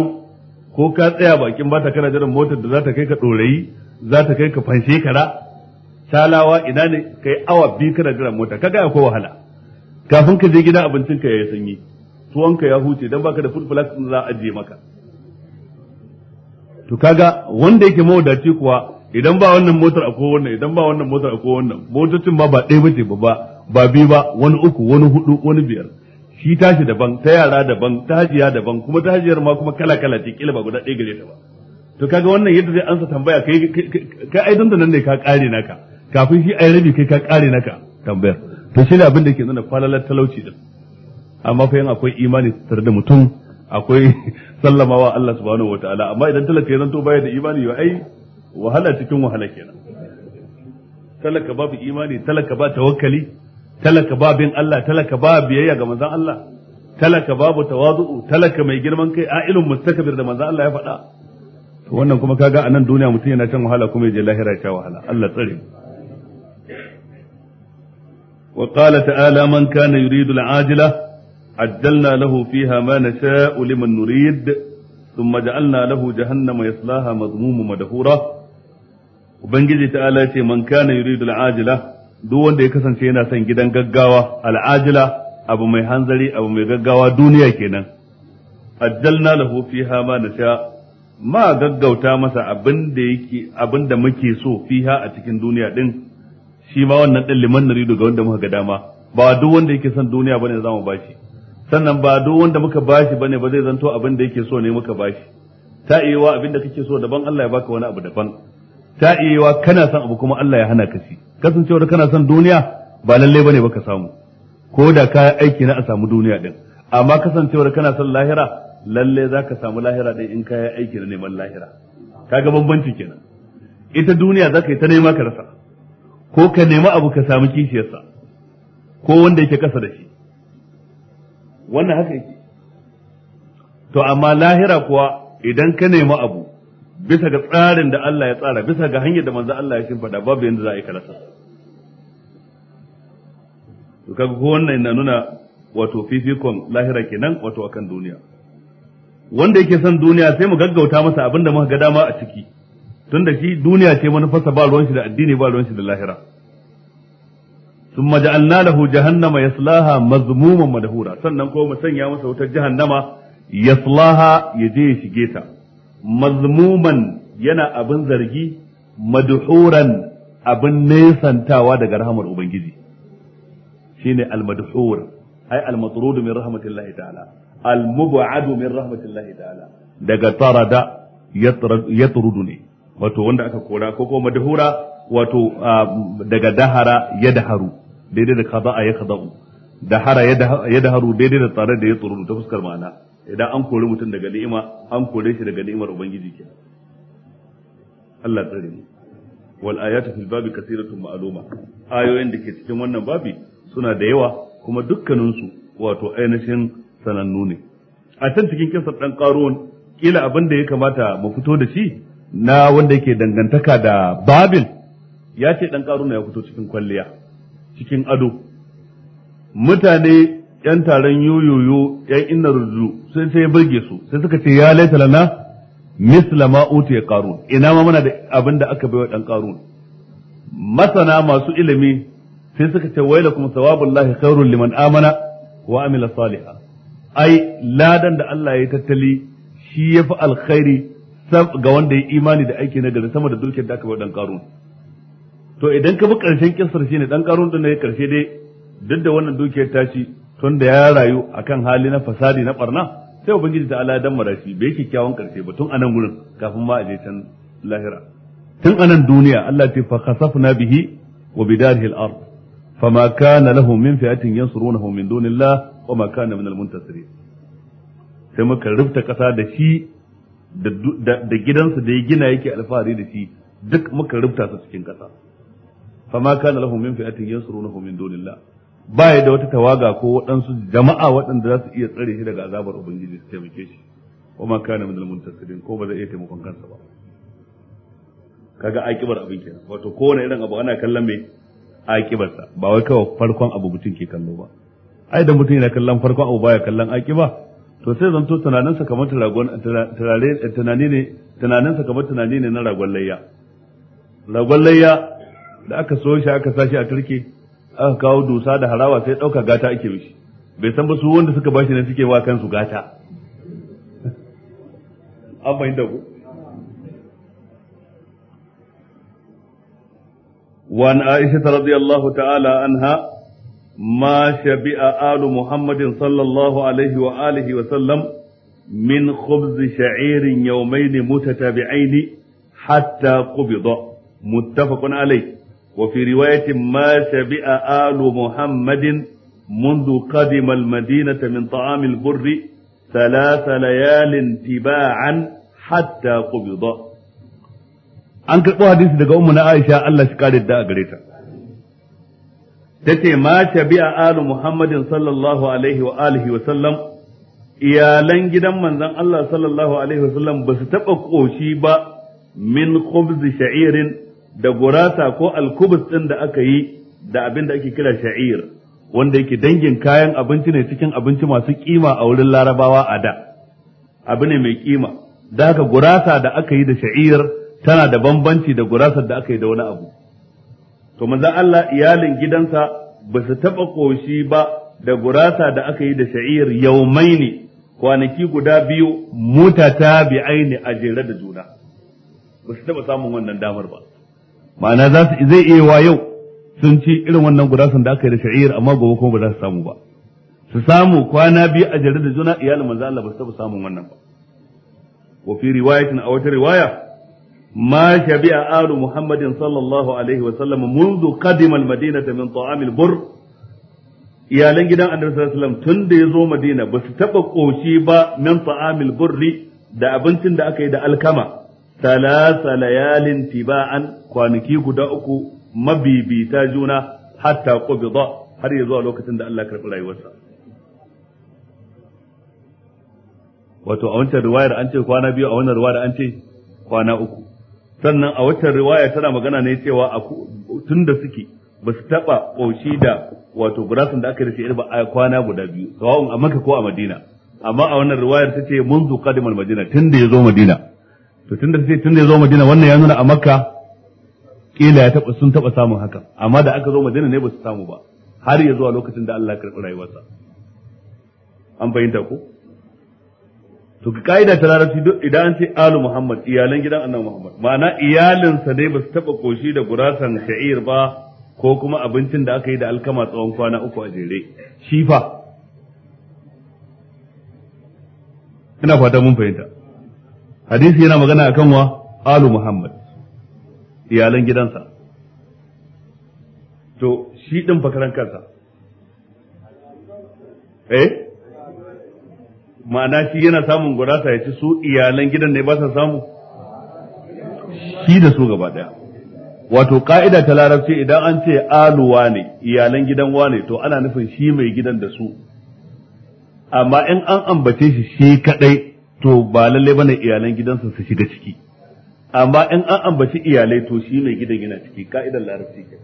ko ka tsaya bakin bata kana jiran motar da za ta kai ka dorayi za ta kai ka fanshe kara talawa ina ne kai awa biyu kana jiran mota kaga ko wahala kafin ka je gida abincin ka yayi sanyi tuwon ka ya huce dan baka da food plus za a ajiye maka to kaga wanda yake mawadaci kuwa idan ba wannan motar akwai wannan idan ba wannan motar akwai wannan motocin ba ba ɗaya bace ba ba ba biyu ba wani uku wani hudu wani biyar shi tashi daban ta yara daban ta hajiya daban kuma ta hajiyar ma kuma kala kala ce kila ba guda ɗaya gare ta ba to kaga wannan yadda zai ansa tambaya kai kai ai dan nan ne ka kare naka kafin shi ai rabi kai ka kare naka tambayar to shi ne abin da ke nuna falalar talauci din amma fa yin akwai imani tare da mutum akwai sallama wa Allah subhanahu wa ta'ala amma idan talaka ya zanto baya da imani ya ai wahala cikin wahala kenan talaka babu imani talaka ba tawakkali talaka babin Allah talaka ba biyayya ga manzon Allah talaka babu tawazu'u talaka mai girman kai a'ilun mustakbir da manzon Allah ya faɗa to wannan kuma kaga a nan duniya mutum yana can wahala kuma yaje lahira ta wahala Allah tsare wa qala ta'ala man kana yuridu al'ajila عجلنا له فيها ما نشاء لمن نريد ثم جعلنا له جهنم يصلاها مذموم مدحورا وبنجي تعالى من كان يريد العاجلة duk wanda ya kasance yana son gidan gaggawa al'ajila abu mai hanzari abu mai gaggawa duniya kenan ajjalna lahu fiha ma nasha ma gaggauta masa abin da muke so fiha a cikin duniya din shi ma wannan din liman naridu ga wanda muka ga dama ba duk wanda yake son duniya ba bane zamu bashi sannan ba duk wanda muka bashi bane ba zai zanto abin da yake so ne muka bashi ta iyawa abin da kake so daban Allah ya baka wani abu daban ta iyawa kana son abu kuma Allah ya hana ka shi kasancewar kana son duniya ba lalle bane baka samu ko da ka aiki na a samu duniya din amma kasancewar kana son lahira lalle zaka samu lahira din in ka aiki na neman lahira kaga bambanci kenan ita duniya zaka yi ta nema ka rasa ko ka nema abu ka samu kishiyarsa ko wanda yake kasa da shi wannan haka yake to amma lahira kuwa idan ka nemi abu bisa ga tsarin da Allah ya tsara bisa ga hanyar da manzo Allah ya shimfada babu yanda za a yi karasa to kaga ko wannan yana nuna wato fifikon lahira kenan wato akan duniya wanda yake son duniya sai mu gaggauta masa abin da muka ga dama a ciki tunda shi duniya ce manufarsa ba ruwan shi da addini ba ruwan shi da lahira thumma ja'alna lahu jahannama yaslaha mazmuman madhura sannan ko mu sanya masa wutar jahannama yaslaha yaje ya shige ta mazmuman yana abin zargi madhuran abin nesantawa daga rahamar ubangiji shine al-madhur ay al min rahmatillahi ta'ala al min rahmatillahi ta'ala daga tarada yatrudu ne wato wanda aka kora ko kuma madhura wato ah, daga dahara ya daharu daidai da kaza a ya kaza'u da hara ya da haru daidai da tsare da ya tsoro ta fuskar ma'ana idan an kori mutum daga ni'ima an kore shi daga ni'imar ubangiji ke Allah tsare mu wal ayatu fil babi kasiratun ma'luma ayoyin da ke cikin wannan babi suna da yawa kuma dukkanin su wato ainihin sanannu ne a can cikin kisan dan qarun kila abin da ya kamata mu fito da shi na wanda yake dangantaka da babil ya ce dan qarun ya fito cikin kwalliya cikin ado mutane yan taron yoyoyo yan inna ruzu sai sai burge su sai suka ce ya laita lana misla ma utiya qarun ina ma muna da abin da aka baiwa dan qarun masana masu ilimi sai suka ce wailakum sawabullahi khairul liman amana wa amila salihan ai ladan da Allah ya tattali shi yafi alkhairi ga wanda ya imani da aiki na gari sama da dukiyar da aka baiwa dan qarun to idan ka bi karshen kissar shine dan karun din ne karshe dai duk da wannan dukiyar ta ci tun da ya rayu akan hali na fasadi na barna sai ubangiji ta ala dan marashi bai kyakkyawan karshe ba tun anan gurin kafin ma a je can lahira tun anan duniya Allah ce fa khasafna bihi wa bidarihi al-ard fama kana lahu min fi'atin yansurunahu min dunillah wa ma kana min al-muntasirin sai muka rufta kasa da shi da gidansa da ya gina yake alfahari da shi duk muka rufta su cikin kasa fama kana lahum min fi'atin yansurunahu min dunillah ba ya da wata tawaga ko waɗansu jama'a waɗanda za su iya tsare shi daga azabar ubangiji su taimake shi wa ma kana min al-muntasirin ko ba zai iya taimakon kansa ba kaga akibar abin kenan wato kowane irin abu ana kallon mai akibarsa ba wai kawai farkon abu mutum ke kallo ba ai da mutum yana kallon farkon abu baya kallon akiba to sai zanto sa kamar turagon tunani ne sa kamar tunani ne na ragon layya ragon layya da aka so shi aka sashi a turke aka kawo dusa da harawa sai ɗauka gata ake mishi bai san ba su wanda suka bashi ne suke wa kansu gata an bayin da ku wan aisha radiyallahu ta'ala anha ma shabi'a alu muhammadin sallallahu alaihi wa alihi wa sallam min khubz sha'irin yawmayn mutatabi'aini hatta qubida muttafaqun alayhi وفي رواية ما شبع آل محمد منذ قدم المدينة من طعام البر ثلاث ليال تباعا حتى قبض an karɓo hadisi daga ummu na Aisha Allah shi kare da a ta tace ma alu Muhammadin sallallahu alaihi wa sallam iyalan gidan manzon Allah sallallahu alaihi wa sallam ba su ba min khubz sha'irin da gurasa ko alkubus din da aka yi da abin da ake kira sha'ir wanda yake dangin kayan abinci ne cikin abinci masu kima a wurin larabawa a da abu ne mai kima da haka gurasa da aka yi da sha'ir tana da bambanci da gurasar da aka yi da wani abu to manzo Allah iyalin gidansa ba su taba koshi ba da gurasa da aka yi da sha'ir yaumaini kwanaki guda biyu mutata bi aini a jere da juna ba su taba samun wannan damar ba ma'ana za su zai iya wa yau sun ci irin wannan gudasan da aka yi da sha'ir amma gobe kuma ba za su samu ba su samu kwana biyu a jere juna iyalin manzo Allah ba su taɓa samun wannan ba wa fi riwayatin a wata riwaya ma shabi'a alu muhammadin sallallahu alaihi wa sallam منذ قدم المدينة min طعام البر iyalan gidan annabi sallallahu alaihi tun da ya zo madina ba su taba koshi ba min ta'amil burri da abincin da aka yi da alkama talata layalin tiba'an kwanaki guda uku mabibita juna hatta qubida har ya zuwa lokacin da Allah karɓi rayuwarsa wato a wancan riwayar an ce kwana biyu a wannan riwayar an ce kwana uku sannan a wancan riwayar tana magana ne cewa tun da suke ba su taɓa ƙoshi da wato gurasun da aka yi da shi ba a kwana guda biyu sawa'un a maka ko a madina amma a wannan riwayar ta ce mun zuwa qadimal madina tun da ya zo madina to tunda sai tunda ya zo Madina wannan ya nuna a Makka kila ya taba sun taba samun haka amma da aka zo Madina ne ba su samu ba har ya zuwa lokacin da Allah ya karɓi rayuwarsa an fahimta ko to ka kaida ta larabci idan an ce alu Muhammad iyalan gidan Annabi Muhammad ma'ana sa ne ba su taba koshi da gurasan sha'ir ba ko kuma abincin da aka yi da alkama tsawon kwana uku a jere shifa? ina fata mun fahimta hadisi yana magana akan wa alu muhammad iyalan gidansa to shi din fakaran kansa eh ma'ana shi yana samun gurasa ya ci su iyalan gidan ne ba sa samu shi da su gaba daya wato ka'ida ta larabci idan an ce aluwa ne iyalan gidan wane to ana nufin shi mai gidan da su amma in an ambace shi shi kadai to ba lalle bane iyalan gidansa su shiga ciki amma in an ambaci iyalai to shi mai gidan yana ciki ka'idar larabci ke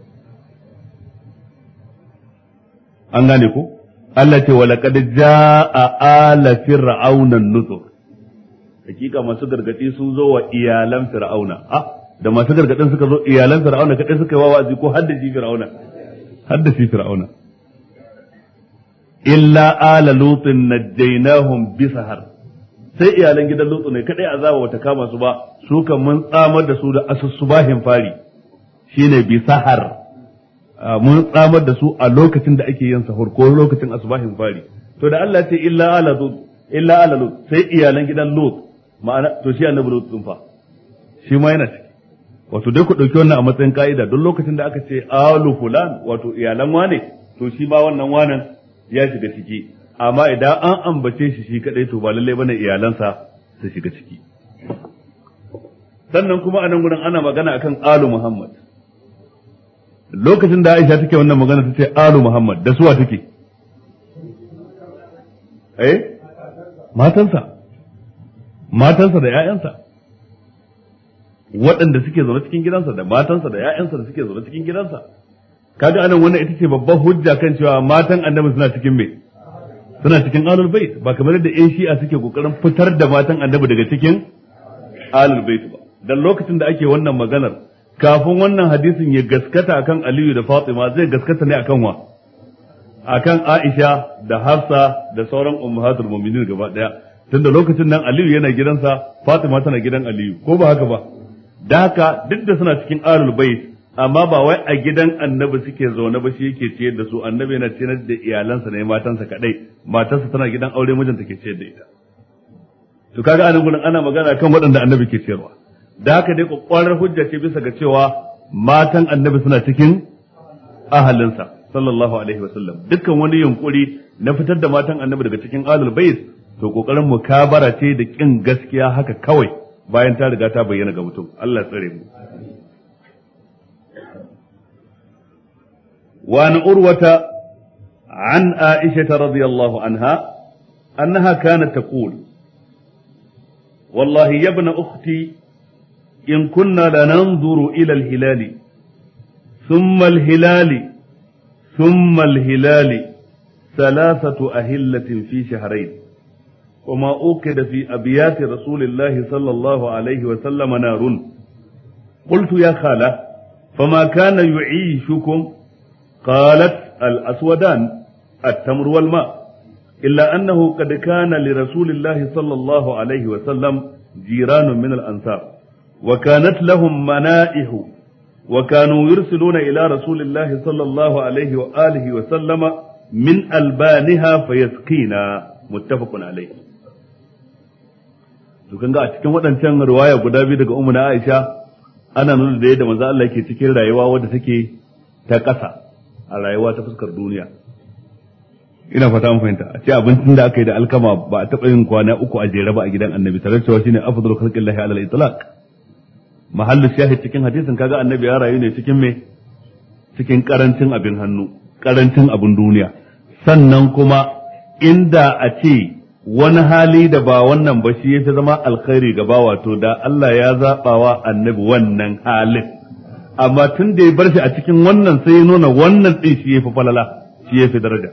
an gane ko Allah ce wa laqad jaa ala fir'auna nuzur hakika masu gargadi sun zo wa iyalan fir'auna ah da masu gargadin suka zo iyalan fir'auna kadai suka yi wa wazi ko hadda shi fir'auna hadda shi fir'auna illa ala lutin najjaynahum sahar sai iyalan gidan lutsu ne kadai a zaba wata kama su ba su kan mun tsamar da su da asussu bahin fari shine bi sahar mun tsamar da su a lokacin da ake yin sahur ko lokacin asubahin fari to da Allah ce illa ala lut illa ala lut sai iyalan gidan lut ma'ana to shi annabi lut sun fa shi ma yana ciki wato dai ku dauki wannan a matsayin ka'ida don lokacin da aka ce alu fulan wato iyalan wane to shi ma wannan wanan ya shiga ciki amma idan an ambace shi shi kadai to ba lallai bane iyalansa su shiga ciki sannan kuma a nan gurin ana magana akan alu muhammad lokacin da aisha take wannan magana ta ce alu muhammad da suwa take eh matansa matansa da 'ya'yansa waɗanda suke zaune cikin gidansa da matansa da 'ya'yansa da suke zaune cikin gidansa kaga anan wannan ita ce babbar hujja kan cewa matan annabi suna cikin me suna cikin alul bait ba kamar yadda yan a suke kokarin fitar da matan annabi daga cikin alul bait ba dan lokacin da ake wannan maganar kafin wannan hadisin ya gaskata akan Aliyu da Fatima zai gaskata ne akan wa akan Aisha da Hafsa da sauran ummahatul mu'minin gaba daya tunda lokacin nan Aliyu yana gidansa Fatima tana gidan Aliyu ko ba haka ba da haka duk da suna cikin alul bait amma ba wai a gidan annabi suke zaune ba shi yake ciyar da su annabi yana ciyar da iyalansa ne matansa kadai matarsa tana gidan aure mijinta ke ciyar da ita to kaga anan gurin ana magana kan waɗanda annabi ke ciyarwa da haka dai kwakwarar hujja ce bisa ga cewa matan annabi suna cikin ahalinsa sallallahu alaihi wasallam dukkan wani yunkuri na fitar da matan annabi daga cikin alul bayt to kokarin mukabara ce da kin gaskiya haka kawai bayan ta riga ta bayyana ga mutum Allah tsare mu وعن أروة عن عائشة رضي الله عنها أنها كانت تقول والله يا ابن أختي إن كنا لننظر إلى الهلال ثم الهلال ثم الهلال ثلاثة أهلة في شهرين وما أوقد في أبيات رسول الله صلى الله عليه وسلم نار قلت يا خالة فما كان يعيشكم qalat al aswadan at-tamr wal ma illa annahu qad kana li rasulillahi sallallahu alaihi wa sallam min al ansar wa kanat lahum mana'ihu wa kanu yursiluna ila rasulillahi sallallahu min albaniha fayasqina muttafaqun alaihi to kanga a cikin waɗancan riwaya guda biyu daga ummu na Aisha ana nuna da yadda manzo Allah yake cikin rayuwa wadda take ta ƙasa a rayuwa ta fuskar duniya ina fata mun fahimta a ce abincin da aka yi da alkama ba a taɓa yin kwana uku a jere ba a gidan annabi tare cewa shine afdalu khalqin lahi ala al-itlaq mahallu shahid cikin hadisin kaga annabi ya rayu ne cikin me cikin karancin abin hannu karancin abin duniya sannan kuma inda a ce wani hali da ba wannan ba shi ya fi zama alkhairi gaba wato da Allah ya zaɓawa annabi wannan halin amma tun da ya bar shi a cikin wannan sai ya nuna wannan din shi yafi falala shi yafi daraja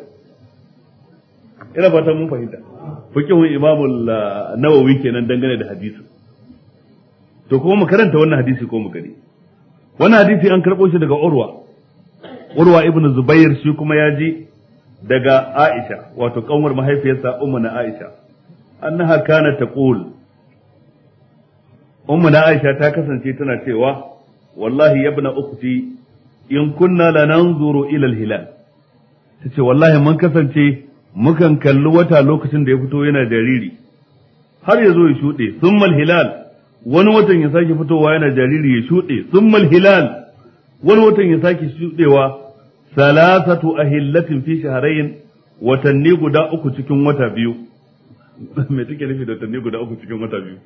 ina fatan mun fahimta fiqhun imamu ah, nawawi kenan dangane da hadisi to kuma mu karanta wannan hadisi ko mu gani wannan hadisi an karbo shi daga urwa urwa ibn zubair shi kuma ya ji daga aisha wato kanwar mahaifiyarsa ummu na aisha annaha kana taqul ummu na aisha ta kasance tana cewa wallahi yabna ukhti in kunna lananzuru ila al-hilal ce wallahi mun kasance mukan kalli wata lokacin da ya fito yana jariri har ya zo ya shuɗe summal hilal wani watan ya sake fitowa yana jariri ya shuɗe summal hilal wani watan ya sake shuɗewa salasatu ahillatin fi shahrayn watanni guda uku cikin wata biyu [laughs] me take nufi da watanni guda uku cikin wata biyu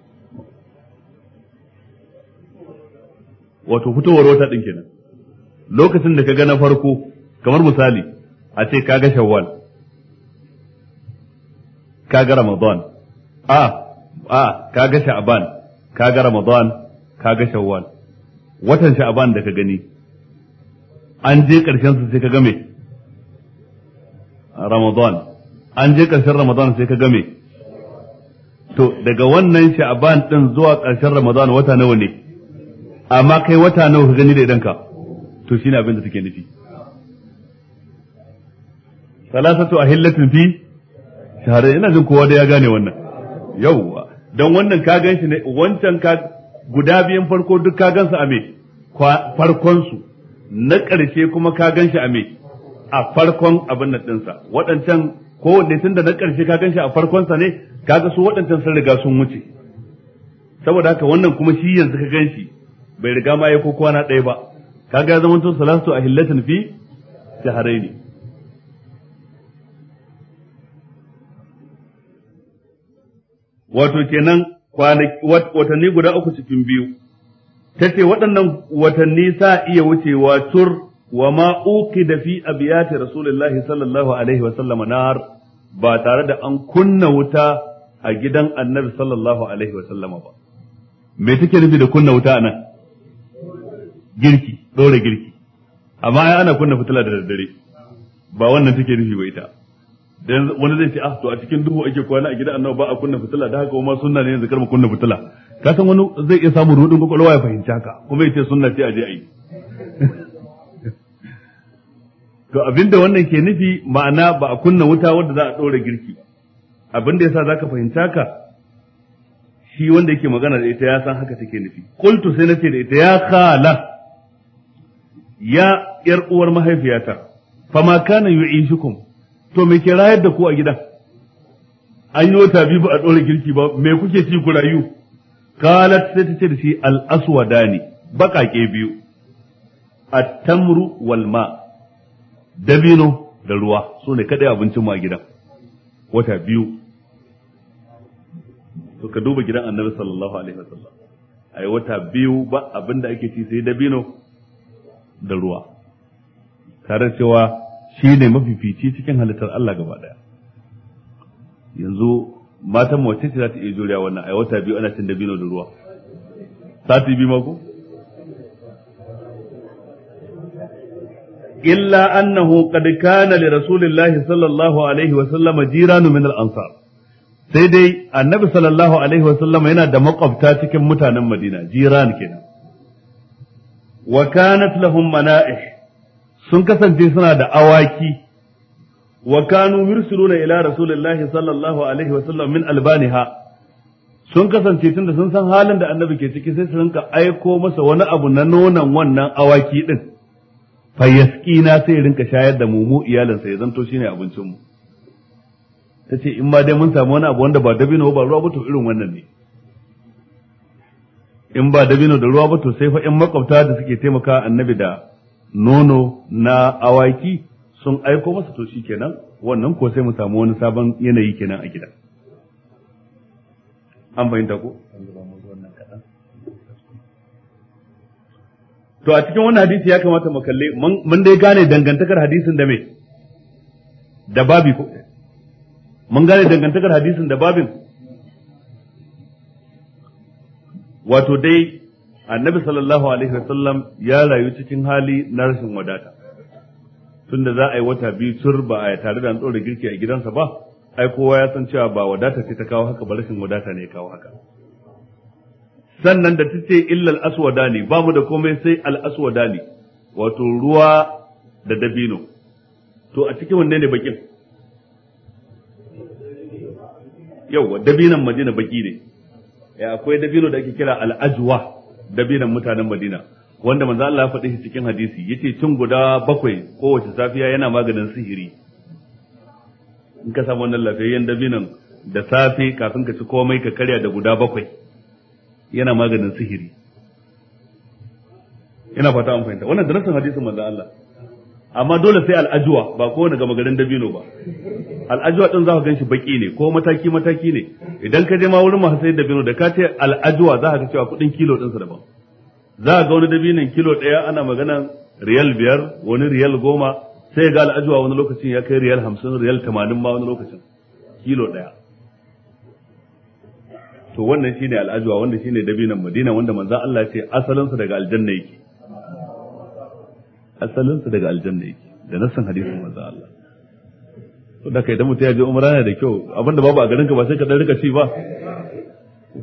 wato fitowar wata din kenan lokacin da kaga na farko kamar misali a ce kaga shawwal kaga ramadan a a kaga sha'ban kaga ramadan kaga shawwal watan sha'ban da ka gani an je karshen su sai ka game ramadan an je karshen ramadan sai ka game to daga wannan sha'ban din zuwa karshen ramadan wata nawa ne amma kai wata nawa ka gani da idanka to shine abin da take nufi salasatu ahillatin fi shahara ina jin kowa da ya gane wannan yauwa dan wannan ka ganshi ne wancan ka guda biyan farko duk ka gansa a me farkon su na ƙarshe kuma ka ganshi a me a farkon abin nan dinsa waɗancan wanda tun da na ƙarshe ka ganshi a farkon sa ne kaga su waɗancan sun riga sun wuce saboda haka wannan kuma shi yanzu ka ganshi bai riga ma ya ko kwana ɗaya ba kaga zaman to salatu ahillatin fi Ta harai ne. wato kenan watanni guda uku cikin biyu Ta ce waɗannan watanni sa iya wucewa tur wa ma da fi abiyati rasulillahi sallallahu alaihi wa sallam nar ba tare da an kunna wuta a gidan annabi sallallahu alaihi wa sallama ba me take nufi da kunna wuta nan girki dora girki amma ai ana kunna fitila da daddare ba wannan take nufi ba ita dan wani zai ce ah to a cikin duhu ake kwana a gidan annabi ba a kunna fitila da haka kuma sunna ne yanzu kar kunna fitila ka san wani zai iya samun rudin kwakwalwa ya fahimci haka kuma yace sunna ce a je a yi [laughs] to abinda wannan ke nufi ma'ana ba a kunna wuta wanda za a dora girki abinda yasa zaka fahimta ka shi wanda yake magana da ita ya san haka take nufi qultu sai nace da ita ya khala ya yar uwar mahaifiyata fama kana yu'ishukum to me ke rayar da ku a gidan an yi wata biyu ba a ɗora girki ba me kuke ci ku rayu kalat sai ta ce da shi al aswadani baƙaƙe biyu at-tamru wal ma dabino da ruwa su ne kadai abincin mu a gidan wata biyu to ka duba gidan annabi sallallahu alaihi wasallam ai wata biyu ba abinda ake ci sai dabino da ruwa tare cewa shi ne mafifici cikin halittar Allah gaba ɗaya. yanzu matan mace ce za ta iya juriya wannan a wata biyu ana cin da dabino da ruwa sati biyu mako illa annahu qad kana li rasulillahi sallallahu alaihi wa sallam jiranu min al ansar sai dai annabi sallallahu alaihi wa sallam yana da makwabta cikin mutanen madina jiran kenan wa kanat lahum sun kasance suna da awaki wa kanu mursuluna ila rasulillahi sallallahu alaihi wa sallam min albaniha sun kasance tunda sun san halin da annabi ke ciki sai su rinka aiko masa wani abu na nonan wannan awaki din fa yaskina sai rinka shayar da mumu mu iyalinsa ya zanto shine abincin mu tace in ma dai mun samu wani abu wanda ba dabino ba ruwa ba to irin wannan ne in ba dabino da ruwa ba to sai fa in makwabta da suke taimaka annabi da nono na awaki sun aiko masa to kenan wannan ko sai mu samu wani sabon yanayi kenan a gida an fahimta ko to a cikin wannan hadisi ya kamata mu kalle mun dai gane dangantakar hadisin da me da babi ko mun gane dangantakar hadisin da babin wato dai annabi sallallahu alaihi wasallam ya rayu cikin hali na rashin wadata tunda za a yi wata biyu tur ba a tare da an girki a gidansa ba ai kowa ya san cewa ba wadata ce ta kawo haka ba rashin wadata ne ya kawo haka sannan da tace illal aswadani ba mu da komai sai al aswadani wato ruwa da dabino to a cikin wanne ne bakin yawa dabinan madina baki ne akwai dabino da ake kira al'ajwa dabinan mutanen Madina wanda manzo Allah ya faɗi shi cikin hadisi yace cin guda bakwai kowace safiya yana maganin sihiri in ka samu wannan lafiyayyen dabinan da safe kafin ka ci komai ka karya da guda bakwai yana maganin sihiri ina fata an fahimta wannan darasin hadisin manzo Allah amma dole sai al'ajuwa ba kowane gama garin dabino ba al'ajuwa din za ka ganshi baki ne ko mataki mataki ne idan ka je ma wurin masu sayar dabino da ka ce al'ajuwa za ka ga cewa kudin kilo ɗinsa daban za ka ga wani dabinon kilo ɗaya ana maganan riyal biyar wani riyal goma sai ga al'ajuwa wani lokacin ya kai riyal hamsin riyal tamanin ma wani lokacin kilo ɗaya to wannan shine al'ajuwa wanda shine dabinan madina wanda manzon Allah ya ce asalinsa daga aljanna yake asalin su daga aljanna yake da nassan hadisin manzo Allah to da kai da mutum ya je umra yana da kyau abinda babu a garin ka ba sai ka dan rika ci ba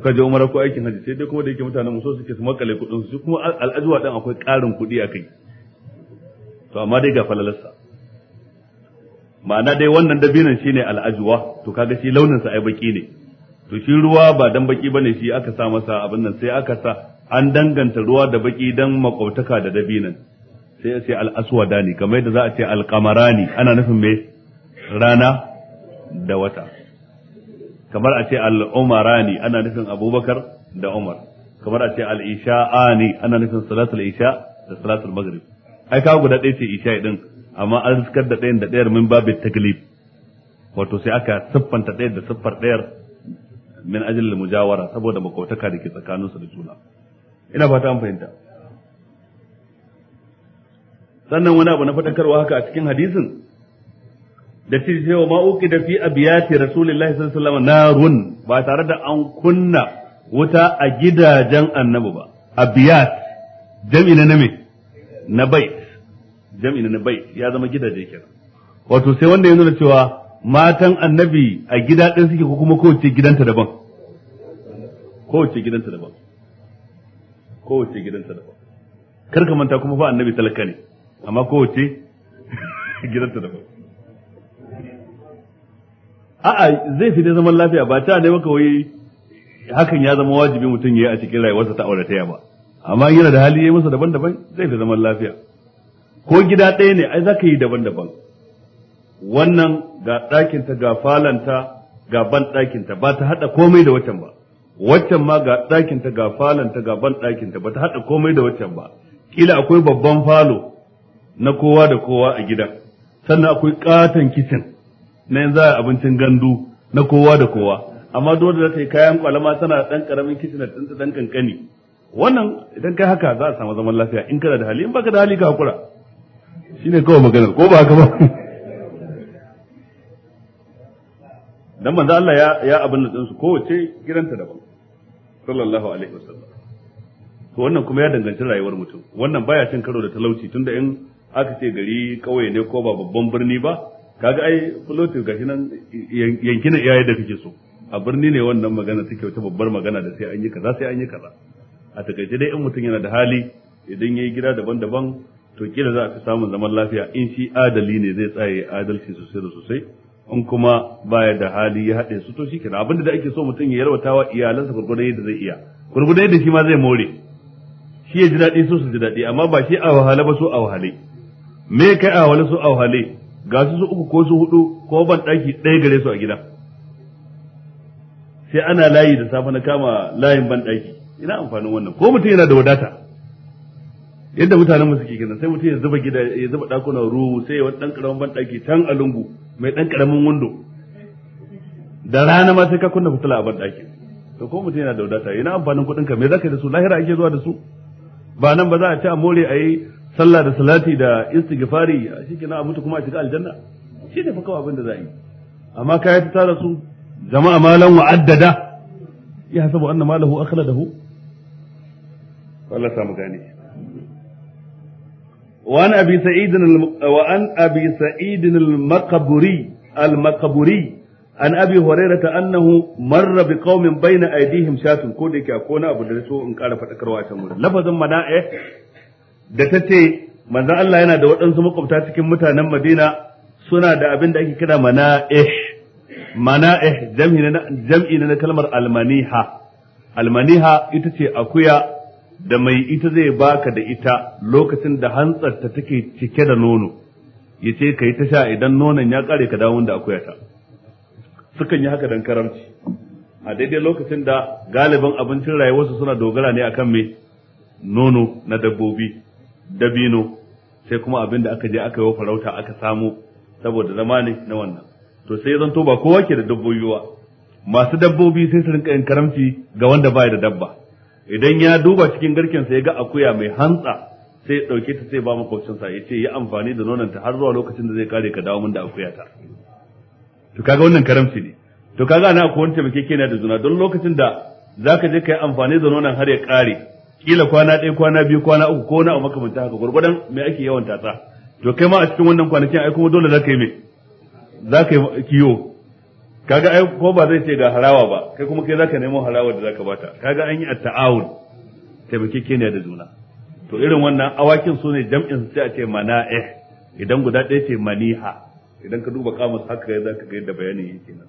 ka je umra ko aikin haji sai dai kuma da yake mutanen mu so suke su makale kudin su kuma al'ajuwa dan akwai karin kudi a kai to amma dai ga falalarsa ma'ana dai wannan dabinan shine al'ajuwa to kaga shi launin sa ai baki ne to shi ruwa ba dan baki bane shi aka sa masa abin nan sai aka sa an danganta ruwa da baki dan makautaka da dabinan sai ya ce al-aswadani kamar yadda za a ce al-qamarani ana nufin mai rana da wata kamar a ce al-umarani ana nufin abubakar da umar kamar a ce al'isha'a ne ana nufin salatul isha da salatul maghrib ai ka guda ɗaya ce isha ɗin, amma an riskar da ɗayan da ɗayar min babin taklif wato sai aka siffanta ɗaya da siffar ɗayar min ajin mujawara saboda makautaka da ke tsakaninsu da juna ina fata an fahimta sannan wani abu na fadakarwa haka a cikin hadisin da cewa ma uki da fi abiyati rasulullahi sallallahu alaihi wasallam narun ba tare da an kunna wuta a gidajen annabi ba abiyat jam'i na me na bai, jam'i na bai ya zama gidaje kenan wato sai wanda ya nuna cewa matan annabi a gida ɗin suke ko kuma kowace gidanta daban kowace gidanta daban kowace gidanta daban kar ka manta kuma fa annabi talaka ne amma kowace gidanta daban a'a zai fi dai zaman lafiya ba ta dai maka wai hakan ya zama wajibi mutum ya yi a cikin rayuwarsa ta aure taya ba amma yana da hali yayi masa daban-daban zai fi zaman lafiya ko gida ɗaya ne ai zaka yi daban-daban wannan ga ɗakinta ga falanta ga ban ɗakinta ba ta haɗa komai da waccan ba waccan ma ga ɗakinta ga falanta ga ban ɗakinta ba ta haɗa komai da waccan ba kila akwai babban falo na kowa da kowa a gidan sannan akwai katon kicin na yanzu a abincin gandu na kowa da kowa amma dole da ta yi kayan kwalama tana dan karamin kicin da ta dan kankani wannan idan kai haka za a samu zaman lafiya in kana da hali in baka da hali ka hakura shine kawai maganar ko ba haka ba dan manzo Allah ya ya abin nan su kowace gidanta daban sallallahu alaihi wasallam to wannan kuma ya danganci rayuwar mutum wannan baya cin karo da talauci tunda in aka ce gari kawai ne ko ba babban birni ba kaga ai flotil gashi nan yankin iyaye da kake so a birni ne wannan magana take wata babbar magana da sai an yi kaza sai an yi kaza a takaice dai in mutum yana da hali idan yayi gida daban-daban to kila za a fi samun zaman lafiya in shi adali ne zai tsaye adalci sosai da sosai in kuma baya da hali ya haɗe su to shi kenan abinda da ake so mutum ya yarwata wa iyalansa gurgurdan yadda zai iya gurgurdan yadda shi ma zai more shi ya ji daɗi so su ji daɗi amma ba shi a wahale ba so a wahale me kai a wale su a wale ga su uku ko su hudu ko ban daki ɗaya gare su a gida sai ana layi da safe na kama layin ban daki ina amfanin wannan ko mutum yana da wadata yadda mutanen mu suke gina sai mutum ya zuba gida ya zuba dakunan ruwa sai ya wani dan karamin ban daki can a lungu mai dan karamin wando da rana ma sai ka kunna fitila a ban daki to ko mutum yana da wadata ina amfanin kuɗin ka me zaka yi da su lahira ake zuwa da su ba nan ba za a ci a more a yi sallah da salati da istighfari shikenan a mutu kuma a shiga aljanna shi ne fa kawai abin da za a yi amma kai ta tara su jama'a malan wa'addada ya hasabu anna malahu akhladahu Allah samu gane وعن أبي سعيد وعن أبي سعيد المقبري المقبري عن أبي هريرة أنه مر بقوم بين أيديهم شاة كودك أكون أبو درسو إن قال فتكروا أتمنى mana منائه eh, da ta ce manzan Allah yana da waɗansu makwabta cikin mutanen Madina suna da abin da ake kira mana'ih mana'ih jam'i na kalmar almaniha almaniha ita ce akuya da mai ita zai baka da ita lokacin da hantsarta take cike da nono ya ce ka yi ta sha idan nonon ya ƙare ka dawo da akuyata sukan yi haka dan karamci a daidai lokacin da galibin abincin rayuwarsu suna dogara ne akan mai, nono na dabbobi dabino sai kuma abin da aka je aka yi farauta aka samu saboda zama ne na wannan to sai zanto ba kowa ke da dabbobi ba masu dabbobi sai su rinka yin karamci ga wanda bai da dabba idan ya duba cikin garken sa ya ga akuya mai hantsa sai ya dauke ta sai ba makwabcin sa ya ce yi amfani da nonon har zuwa lokacin da zai kare ka dawo min da akuya ta to kaga wannan karamci ne to kaga ana akwai wani taimakekeniya da juna don lokacin da zaka je ka yi amfani da nonon har ya kare kila kwana ɗaya kwana biyu kwana uku ko na makamanta haka gurgurdan me ake yawan tatsa to kai ma a cikin wannan kwanakin ai kuma dole za yi me za ka yi kiyo kaga ai ko ba zai ce ga harawa ba kai kuma kai za ka nemo harawa da za ka bata kaga an yi at-ta'awun taimakekeniya da juna to irin wannan awakin su ne jam'in sai a ce mana'ih idan guda ɗaya ce maniha idan ka duba kamus haka za ka ga yadda bayanin yake nan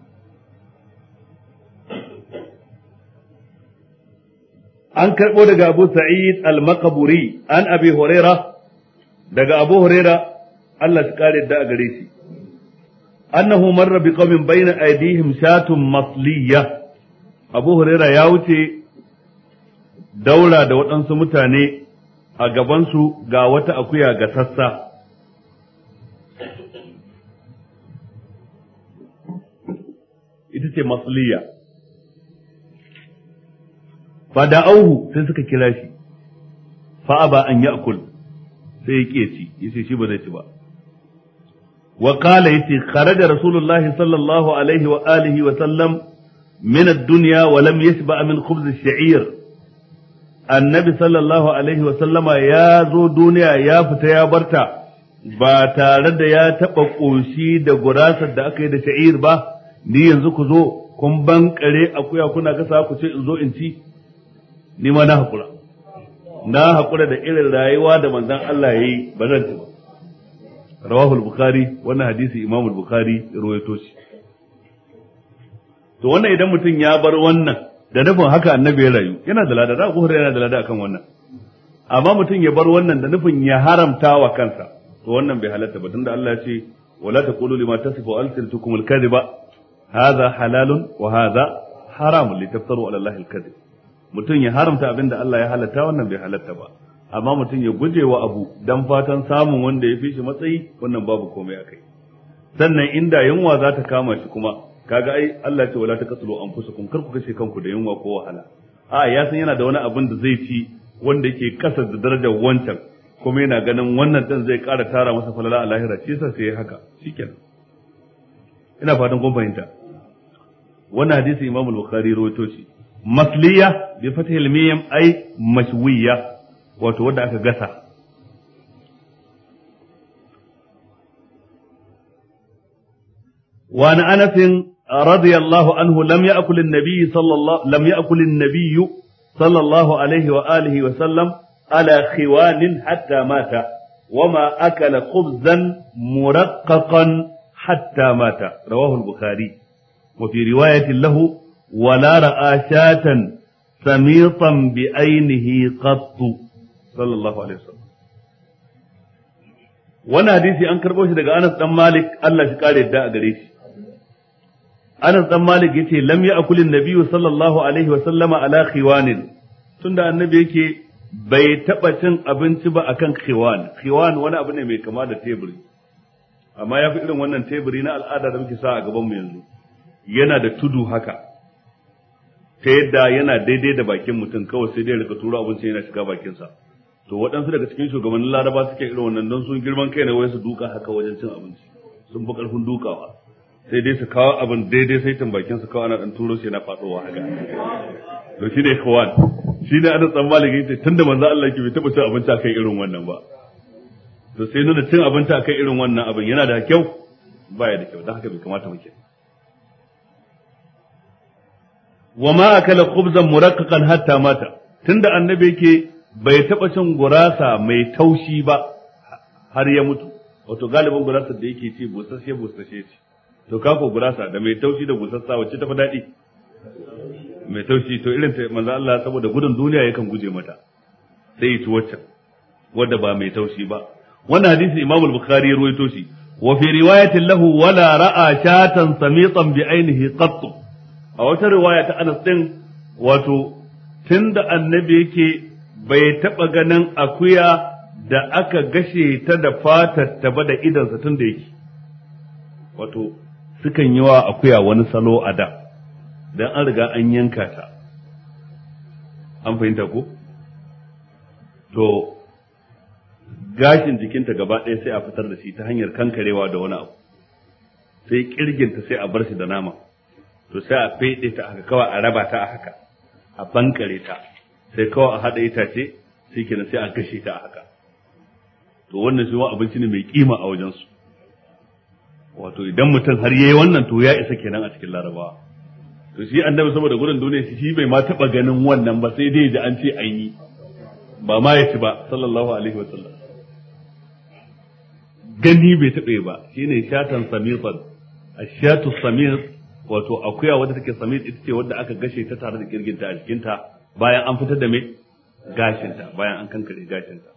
an karɓo daga Abu Sa'id al Makaburi, an Abi Huraira daga Abu Huraira Allah ya kare da gare shi annahu marra bi qawmin bayna aydihim shatun masliya Abu Huraira ya wuce daura da waɗansu mutane a gabansu ga wata akuya ga sassa ita ce masliya fa da'auhu sai suka kira shi fa aba an ya'kul sai ya ƙi ci yace shi ba zai ci ba wa qala yace kharaja rasulullahi sallallahu alaihi wa alihi wa sallam min ad-dunya wa lam yashba min khubz ash-sha'ir annabi sallallahu alaihi wa sallama ya zo duniya ya fita ya barta ba tare da ya taba koshi da gurasar da aka yi da sha'ir ba ni yanzu ku zo kun bankare akuya kuna gasa ku ce in zo in ci ni ma na haƙura. na haƙura da irin rayuwa da manzan Allah ya yi ba zan ta ba rawahu al-bukhari wannan hadisi imamu al-bukhari rawaito shi to wannan idan mutum ya bar wannan da nufin haka annabi ya rayu yana da lada da kuhura yana da lada akan wannan amma mutum ya bar wannan da nufin ya haramta wa kansa to wannan bai halatta ba tunda Allah ya ce wala taqulu lima tasifu alsinatukum al-kadhiba hadha halalun wa hadha haramun litaftaru ala Allah al-kadhib mutum ya haramta abin da Allah ya halatta wannan bai halatta ba amma mutum ya guje wa abu dan fatan samun wanda ya fi shi matsayi wannan babu komai akai sannan inda yunwa za ta kama shi kuma kaga ai Allah ce wala taqtulu anfusakum kar ku kashe kanku da yunwa ko wahala a ya san yana da wani abin da zai ci wanda yake kasa da darajar wancan kuma yana ganin wannan dan zai ƙara tara masa falala a lahira shi yasa sai haka shikenan ina fatan kun fahimta wannan hadisi Imam Bukhari rawaito shi مطليه بفتح الميم اي مشويه mashwiya wato wadda aka gasa وعن انس رضي الله عنه لم ياكل النبي صلى الله لم ياكل النبي صلى الله عليه واله وسلم على خوان حتى مات وما اكل خبزا مرققا حتى مات رواه البخاري وفي روايه له wala ra'a shatan samitan bi ainihi qattu sallallahu alaihi wasallam wannan hadisi an karɓo shi daga Anas dan Malik Allah shi kare yadda a gare shi Anas dan Malik yace lam ya'kulin Nabiyu sallallahu alaihi wasallama ala khiwanin tunda annabi yake bai taɓa cin abinci ba akan khiwan khiwan wani abu ne mai kama da teburi amma ya fi irin wannan teburi na al'ada da muke sa a gaban mu yanzu yana da tudu haka ta yadda yana daidai da bakin mutum kawai sai dai rika tura abinci yana shiga bakinsa to waɗansu daga cikin shugabannin laraba suke irin wannan don sun girman kai ne wai su duka haka wajen cin abinci sun fi ƙarfin dukawa sai dai su kawo abin daidai sai tambakin su kawo ana ɗan turo shi yana faɗowa haka to shi ne kawan shi ne ana tsammalin yace tun da manzo Allah ke bai taɓa cin abinci kai irin wannan ba to sai nuna cin abinci a kai irin wannan abin yana da kyau baya da kyau don haka bai kamata muke wa ma akala khubzan muraqqaqan hatta mata tunda annabi yake bai taba cin gurasa mai taushi ba har ya mutu wato galibin gurasa da yake ce busasshe busasshe ce to kako gurasa da mai taushi da busassa wacce tafi daɗi mai taushi to irin ta manzo Allah saboda gudun duniya yakan guje mata sai ci wacce wadda ba mai taushi ba wannan hadisi Imam al-Bukhari ya ruwaito shi wa fi riwayatin lahu wala ra'a shatan samitan bi ainihi qattu a wata riwaya ta Anas din wato tunda annabi yake bai taɓa ganin akuya da aka gashe ta da fatar ta ba da idansa tunda yake wato sukan yi wa akuya wani salo a da dan an riga an yanka ta an fahimta ko to gashin jikinta gaba ɗaya sai a fitar da shi ta hanyar kankarewa da wani abu sai kirginta sai a bar shi da nama to sai a feɗe ta haka kawai a raba ta a haka a bankare ta sai kawai a haɗa itace sai kenan sai a gashe ta a haka to wannan shi abinci ne mai kima a wajensu wato idan mutum har yayi wannan to ya isa kenan a cikin larabawa to shi annabi saboda gurin duniya shi bai ma taba ganin wannan ba sai dai da an ce an yi ba ma ya ci ba sallallahu alaihi wa sallam gani bai taɓa ba shine shatan samir ashatu samir wato akuya wadda take sami ita ce wadda aka gashe ta tare da kirginta a jikinta bayan an fitar da mai gashinta bayan an kankare gashinta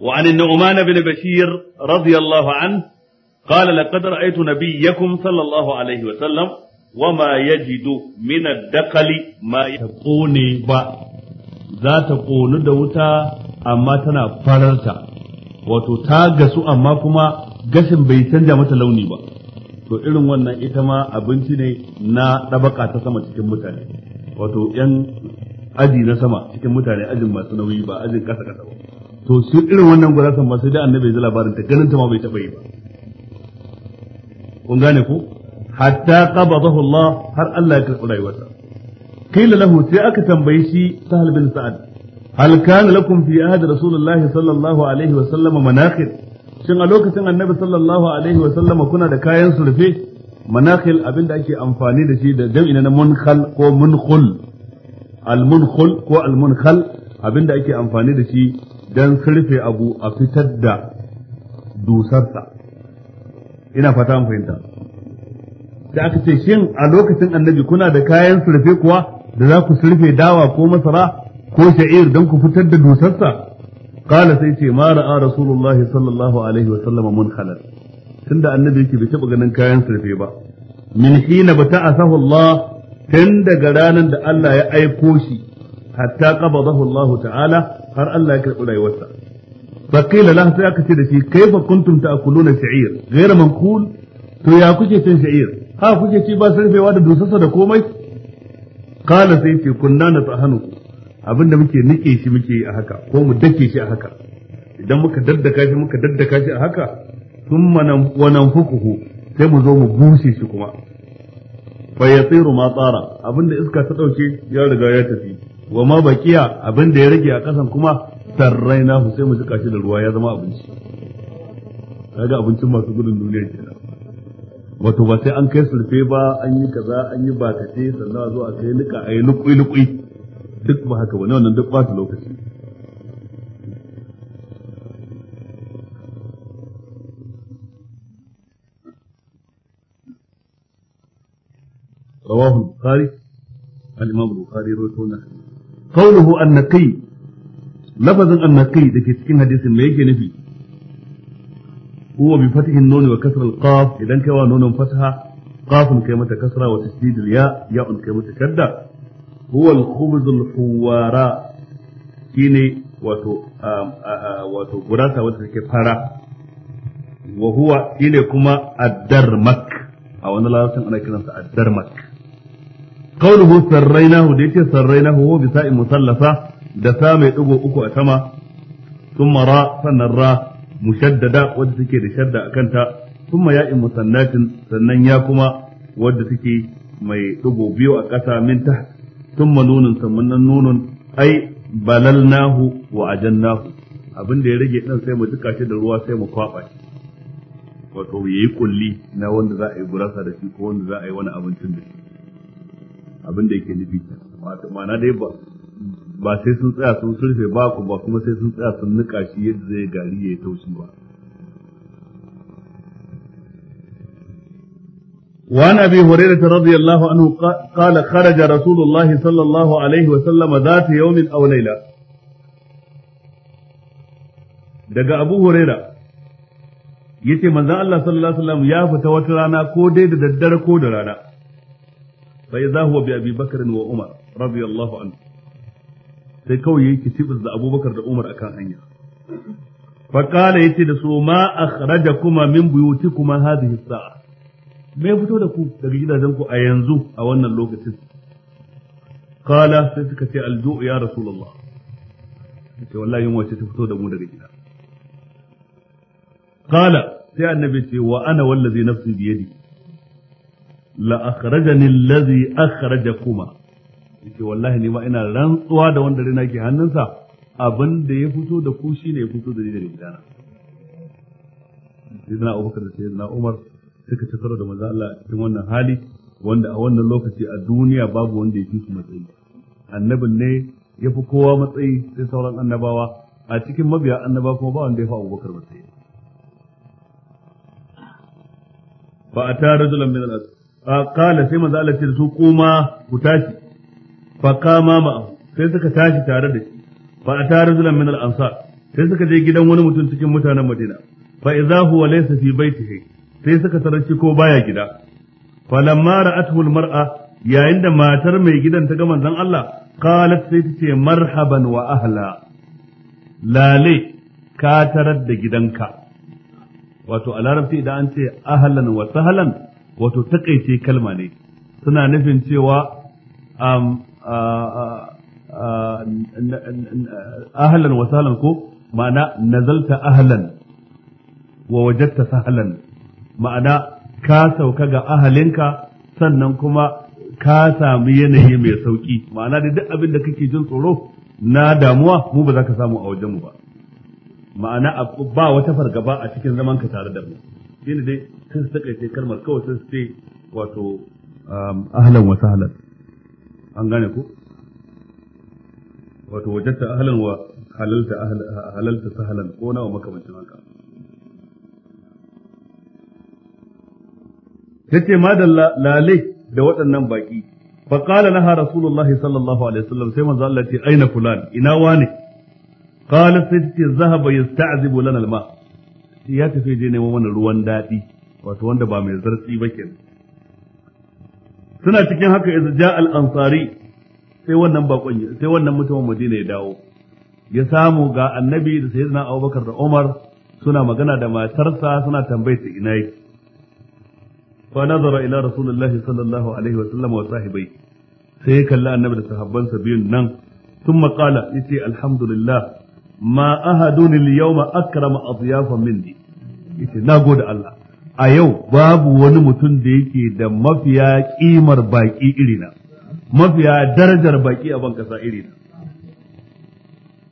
وعن النعمان بن بشير رضي الله عنه قال لقد رأيت نبيكم صلى الله عليه وسلم وما يجد من الدقل ما يقوني با za ta ƙonu da wuta amma tana fararta wato ta gasu amma kuma gashin bai canja mata launi ba to irin wannan ita ma abinci ne na ɗabaka ta sama cikin mutane wato yan aji na sama cikin mutane ajin masu nauyi ba ajin kasa kasa ba to su irin wannan gurasan ba sai dai annabi ya ji labarin ta ganin ta ma bai taɓa yi ba kun gane ku hatta qabadahu Allah har Allah ya karɓi rayuwarsa qila lahu sai aka tambaye shi Sahal bin Sa'ad hal kana lakum fi ahd Rasulullahi sallallahu alaihi wa sallam manaqib shin a lokacin annabi sallallahu alaihi wa sallama kuna da kayan surfe manakhil abin da ake amfani da shi da jam'i na munkhal ko munkhul al munkhul ko al munkhal abin da ake amfani da shi dan surfe abu a fitar da dusarsa ina fata an fahimta da aka ce shin a lokacin annabi kuna da kayan surfe kuwa da za ku surfe dawa ko masara ko sha'ir don ku fitar da dusarsa qala sai ce ma ra'a rasulullahi sallallahu alaihi wa sallam munhalan tunda annabi yake bai taba ganin kayan sarfe ba min hina bata'asahu Allah tun daga ranar da Allah ya aiko shi hatta qabadahu Allah ta'ala har Allah ya karbi rayuwarsa فقيل له sai aka ce da shi kaifa kuntum ta'kuluna sha'ir ghayra mankul to ya kuke cin sha'ir ha kuke ci ba sarfewa da dusarsa da komai qala sai ce kunna natahanu Abin da muke nike shi muke yi a haka ko mu dake shi a haka idan muka daddaka shi muka daddaka shi a haka sun wanan hukuhu sai mu zo mu bushe shi kuma fa ya ma tsara abin da iska ta ɗauke ya riga ya tafi wa ma bakiya da ya rage a ƙasan kuma na sai mu jika shi da ruwa ya zama abinci kaga abincin masu gudun duniya kenan wato ba sai an kai sulfe ba an yi kaza an yi bakate sannan a zo a kai nika a yi lukui lukui duk ba haka bane wannan duk ba lokaci رواه البخاري الإمام البخاري رويته قوله النقي لفظ النقي ده في سكين حديث ما يجي نفي هو بفتح النون وكسر القاف إذا كوا نون فتحة قاف كلمة كسرة وتشديد الياء ياء كلمة شدة huwa al huwara shine wato wato gurasa wanda take fara wa huwa shine kuma ad-darmak a wani larabcin ana kiransa ad-darmak qawluhu sarrainahu da yake sarrainahu huwa bisa'in musallafa da sa mai digo uku a sama thumma ra sannan ra mushaddada wanda take da shadda akan ta thumma ya'in musannatin sannan ya kuma wanda take mai digo biyu a ƙasa min ta thumma nunun sannan nunun ai balalnahu wa ajannahu abin da ya rage ɗan sai mu duka shi da ruwa sai mu kwaba shi wato yi kulli na wanda za a yi gurasa da shi ko wanda za a yi wani abincin da shi abin da yake nufi ma'ana dai ba ba sai sun tsaya sun surfe ba ku ba kuma sai sun tsaya sun nika shi yadda zai gari ya yi taushin ba وعن أبي هريرة رضي الله عنه قال خرج رسول الله صلى الله عليه وسلم ذات يوم أو ليلة daga Abu Huraira yace manzon Allah sallallahu alaihi wasallam ya fita wata rana ko dai da daddare ko da rana fa idza huwa bi Abi Bakr wa Umar radiyallahu anhu sai kawai yake tibis da Abubakar da Umar akan hanya fa kala yace da su ma akhrajakuma min buyutikuma hadhihi sa'a me fito da ku daga gidajen ku a yanzu a wannan lokacin kala sai suka ce alju'u ya rasulullah ce wallahi yunwa ce ta fito da mu daga gida kala sai annabi ce wa ana wallazi nafsi biyadi la akhrajani allazi akhrajakuma yace wallahi ni ma ina rantsuwa da wanda rina ke hannunsa abin da ya fito da ku shine ya fito da ni daga gidana sayyidina Abubakar da sayyidina Umar suka ci karo da manzo Allah a cikin wannan hali wanda a wannan lokaci a duniya babu wanda ya fi su matsayi annabin ne ya fi kowa matsayi sai sauran annabawa a cikin mabiya annaba kuma ba wanda ya fi abubakar matsayi ba a tara rajulan min al a kala sai manzo Allah ce su kuma ku tashi fa kama ma sai suka tashi tare da shi fa a tara rajulan min al ansar sai suka je gidan wani mutum cikin mutanen Madina fa idza huwa laysa fi baitihi sai suka tarar ko baya gida falamma ra'atuhu mar'a yayin da matar mai gidan ta ga manzon Allah qalat sai ta ce marhaban wa ahla lale ka tarar da gidanka wato a larabci idan an ce ahlan wa sahlan wato takaice kalma ne suna nufin cewa um, wa sahlan ko ma'ana nazalta ahlan wa wajenta sahlan ma'ana ka sauka ga ahalinka sannan kuma ka sami yanayi mai sauki ma'ana da duk abin da kake jin tsoro na damuwa mu ba za ka samu a wajenmu ba ma'ana ba wata fargaba a cikin zaman ka tare da mu ne dai sun su takaice kalmar kawai sun su ce wato um, ahlan wa sahlan an gane ko wato wajenta ahlan wa halalta sahalan sahlan ko na makamancin haka tace madalla lalai da waɗannan baki fa qala laha rasulullahi sallallahu alaihi wasallam sai manzo Allah ce aina fulan ina wane qala sai ce zahaba yasta'zibu lana alma ya tafi je neman wannan ruwan dadi wato wanda ba mai zartsi ba kenan suna cikin haka idza ja al ansari sai wannan bakon sai wannan mutumin Madina ya dawo ya samu ga annabi da sayyidina Abubakar da Umar suna magana da matarsa suna tambayar ina yake fa nazara ila rasulillahi sallallahu alaihi wa sallam wa sahibai sai ya kalli annabi da sahabbansa biyun nan tun maƙala. yace alhamdulillah ma ahadun a yawma min. adyafa minni yace Allah a yau babu wani mutum da yake da mafiya ƙimar baƙi irina mafiya darajar baƙi a ban kasa irina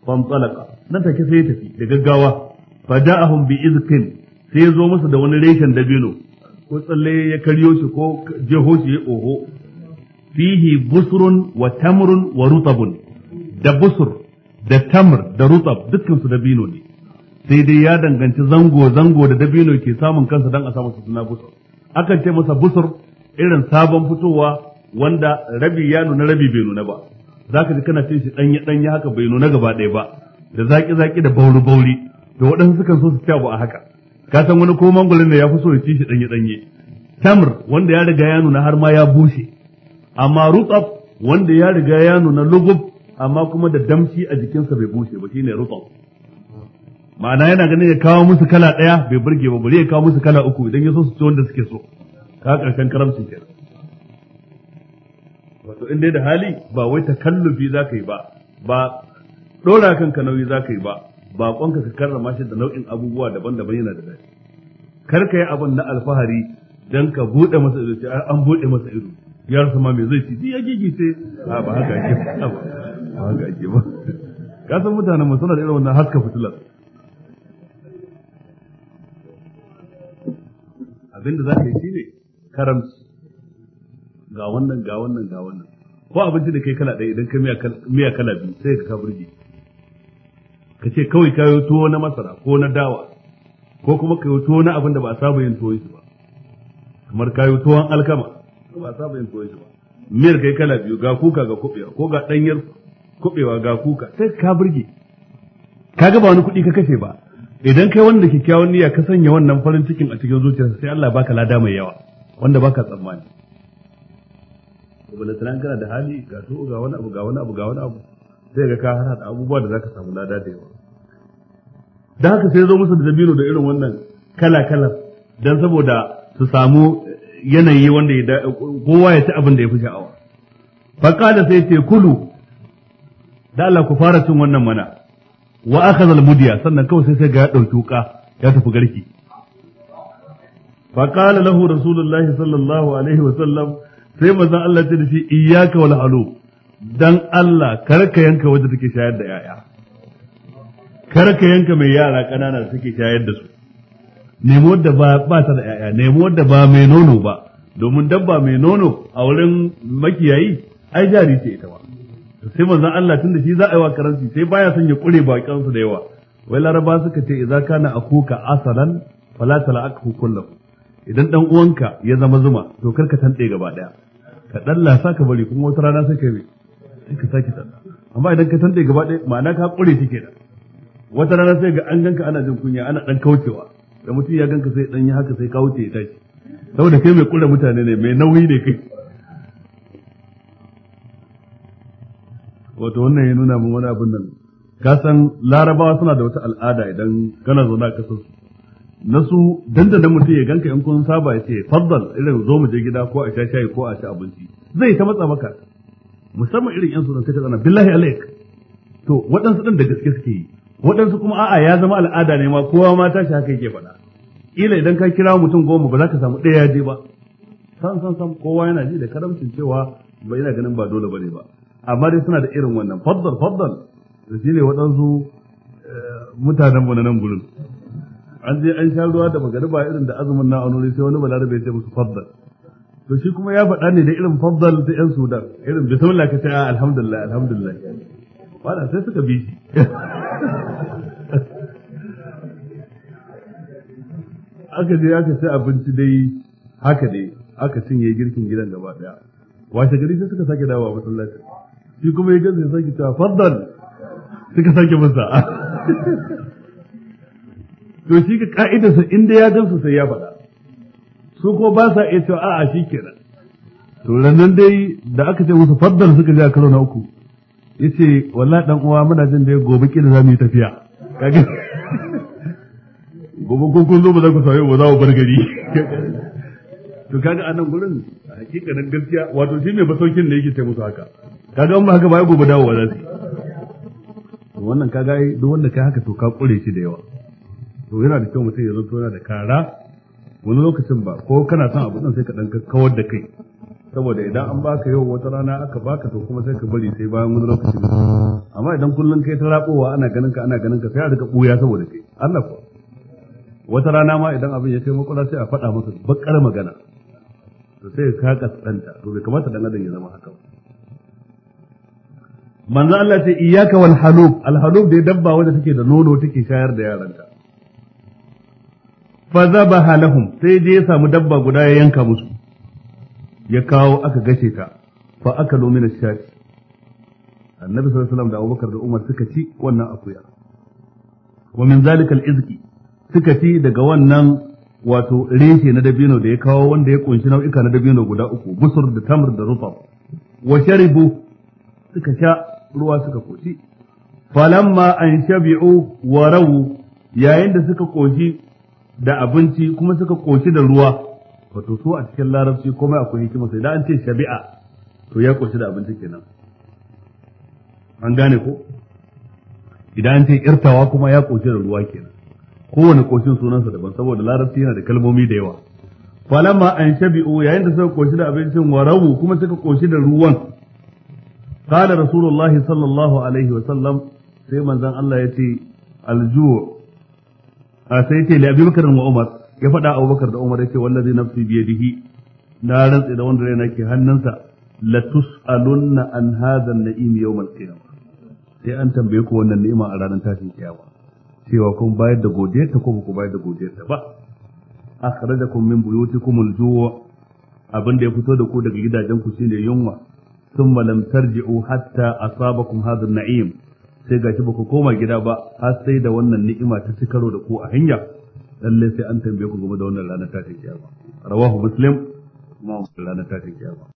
na nan take sai ya tafi da gaggawa fada'ahum bi izkin sai ya zo musu da wani reshen dabino ko tsalle ya karyo shi ko jeho shi ya oho fihi Busurun wa tamrun wa rutabun da busur da tamr da rutab dukkansu dabino ne sai dai ya danganci zango zango da dabino ke samun kansa dan a samu suna busur akan ce masa busur irin sabon fitowa wanda rabi ya nuna rabi bai nuna ba zaka ji kana cin shi danye danye haka bai nuna gaba ɗaya ba da zaki zaki da bauri bauri da waɗansu sukan so su ci abu a haka ka san wani ko gulin da ya fi so ya ci shi danye danye tamr wanda ya riga ya nuna har ma ya bushe amma rutsaf wanda ya riga ya nuna lugub amma kuma da damshi a jikinsa bai bushe ba shine rutsaf ma'ana yana ganin ya kawo musu kala ɗaya bai burge ba bari ya kawo musu kala uku idan ya so su ci wanda suke so ka karshen karamci ke wato in dai da hali ba wai takallufi zaka yi ba ba dora kanka nauyi zaka yi ba bakonka ka karrama shi da nau'in abubuwa daban-daban yana da daɗi kar ka yi abin na alfahari don ka buɗe masa ido an buɗe masa ido ya rasa ma me zai ci ya ce. a ba haka ake ba ba haka ake ba ka san mutanen mu suna da irin wannan haska fitilar abinda za ka yi shine karamci ga wannan ga wannan ga wannan ko abinci da kai kala ɗaya idan ka miya kala biyu sai ka ka burge ka ce kawai ka yi tuwo na masara ko na dawa ko kuma ka yi tuwo na abin da ba saba yin tuwo shi ba kamar ka yi tuwon alkama ba saba yin tuwo shi ba miyar kai kala biyu ga kuka ga kubewa ko ga danyar kubewa ga kuka sai ka burge Ka ba wani kuɗi ka kashe ba idan kai wanda kyakkyawan niyya ka sanya wannan farin cikin a cikin zuciyarsa sai Allah baka lada mai yawa wanda baka tsammani. Wala tunan kana da hali ga su ga wani abu ga wani abu ga wani abu. sai ga ka hada abubuwa da zaka samu lada da yawa da haka sai zo musu da dabino da irin wannan kala kala dan saboda su samu yanayi wanda ya kowa ya ci abin da ya fi sha'awa qala sai ce kulu da Allah ku fara cin wannan mana wa akhadha almudiya sannan kawai sai sai ga ya dauki wuka ya tafi garki faqala lahu rasulullahi sallallahu alaihi wa sallam sai manzon Allah ya ce da shi iyyaka wal dan Allah kar ka yanka wanda take shayar da yaya kar yanka mai yara ƙanana da suke shayar da su nemo da ba ba ta da yaya nemo da ba mai nono ba domin dabba mai nono a wurin makiyayi ai jari ce ita ba sai manzon Allah tun da shi za a yi wa karanci sai baya son ya kure bakansu da yawa wai laraba suka ce idza kana akuka asalan fala talaqhu kullahu idan dan uwanka ya zama zuma to karka tande gaba daya ka dalla saka bari kuma wata rana sai kai ka sake sallah amma idan ka tantai gaba ɗaya ma'ana ka ƙure shi kenan wata rana sai ga an ganka ana jin kunya ana ɗan kaucewa da mutum ya ganka sai ɗan yi haka sai ka wuce ya tashi saboda kai mai ƙure mutane ne mai nauyi ne kai wato wannan ya nuna min wani abin nan ka san larabawa suna da wata al'ada idan kana zaune a kasar su na su dandanda mutum ya ganka in kun saba ya ce faddal irin zo mu je gida ko a sha shayi ko a sha abinci zai ta matsa maka musamman irin yan sunan kace zana billahi alaik to waɗansu ɗin da gaske suke yi waɗansu kuma a'a ya zama al'ada ne ma kowa ma tashi haka yake faɗa ila idan ka kira mutum goma ba za ka samu ɗaya je ba san san san kowa yana ji da karamcin cewa ba yana ganin ba dole bane ba amma dai suna da irin wannan faddal faddal da shi waɗansu eh, mutanen mu na nan gurin an je an sha ruwa da magariba irin da azumin na anuri sai wani balarabe ya ce musu faddal to shi kuma ya faɗa ne da irin fadal ta yan sudan irin saboda ka ce ah, alhamdulillah alhamdulillah wala sai suka bi shi [laughs] aka je aka ci abinci dai haka dai aka cinye girkin gidan gaba daya washe gari sai suka sake dawowa masallaci shi kuma ya gaza sai sake ta faddal suka sake masa [laughs] to shi ka ka'idarsa inda ya gamsu sai ya faɗa su ko ba sa iya cewa a'a shi kenan to nan dai da aka ce musu faddal suka je a karo na uku yace wallahi dan uwa muna jin da gobe kila za mu yi tafiya kage gobe ko kun zo ba za ku sayo ba za mu bar gari to kaga a nan gurin hakikanin gaskiya wato shi ne basaukin ne yake ce musu haka kaga an ba haka ba gobe dawo za su wannan kaga duk wanda kai haka to ka kure shi da yawa to yana da kyau mutum ya zo yana da kara wani lokacin ba ko kana son abu ɗin sai ka ɗan kawar da kai saboda idan an baka yau wata rana aka baka to kuma sai ka bari sai bayan wani lokaci amma idan kullum kai ta rabowa ana ganin ka ana ganin ka sai a rika buya saboda kai Allah ko wata rana ma idan abin ya kai makura sai a faɗa masa bakar magana to sai ka kasanta to bai kamata dan adam ya zama haka ba. manzo Allah ce iyyaka wal halub al halub dai dabba wanda take da nono take shayar da yaranta fa zabaha lahum sai je ya samu dabba guda ya yanka musu ya kawo aka gashe ta fa aka lomi na shafi annabi sallallahu alaihi wasallam da Abubakar da Umar suka ci wannan akuya wa min zalika al-izki suka ci daga wannan wato reshe na dabino da ya kawo wanda ya kunshi nau'ika na dabino guda uku busur da tamr da Rufa wa sharibu suka sha ruwa suka koshi falamma an shabi'u wa rawu yayin da suka koshi da abinci kuma suka koshi da ruwa wato so a cikin larabci komai akwai hikima sai da an ce shabi'a to ya koshi da abinci kenan an gane ko idan an ce irtawa kuma ya koshi da ruwa kenan kowane koshin sunansa daban saboda larabci yana da kalmomi da yawa falamma an shabi'u yayin da suka koshi da abincin warabu kuma suka koshi da ruwan qala rasulullahi sallallahu alaihi wa sallam sai manzon Allah yace alju' a sai ce li Bakar wa umar ya faɗa abubakar da umar ya wallazi nafsi biyadihi na rantsi da wanda raina ke hannunsa la tus'alunna an hadha an-na'im yawm al-qiyamah sai an tambaye ku wannan ni'ima a ranar tashin kiyama cewa kun bayar da godiyarta ko ku bayar da godiyarta ba akhrajakum min buyutikum al-ju' abin da ya fito da ku daga gidajen ku shine yunwa thumma lam tarji'u hatta asabakum hadha an-na'im sai gashi ba ku koma gida ba har sai da wannan ni'ima ta ci karo da ku a hanya lallai sai an tambaye ku game da wannan ranar tashin kiyama rawahu muslim kuma ranar tashin kiyama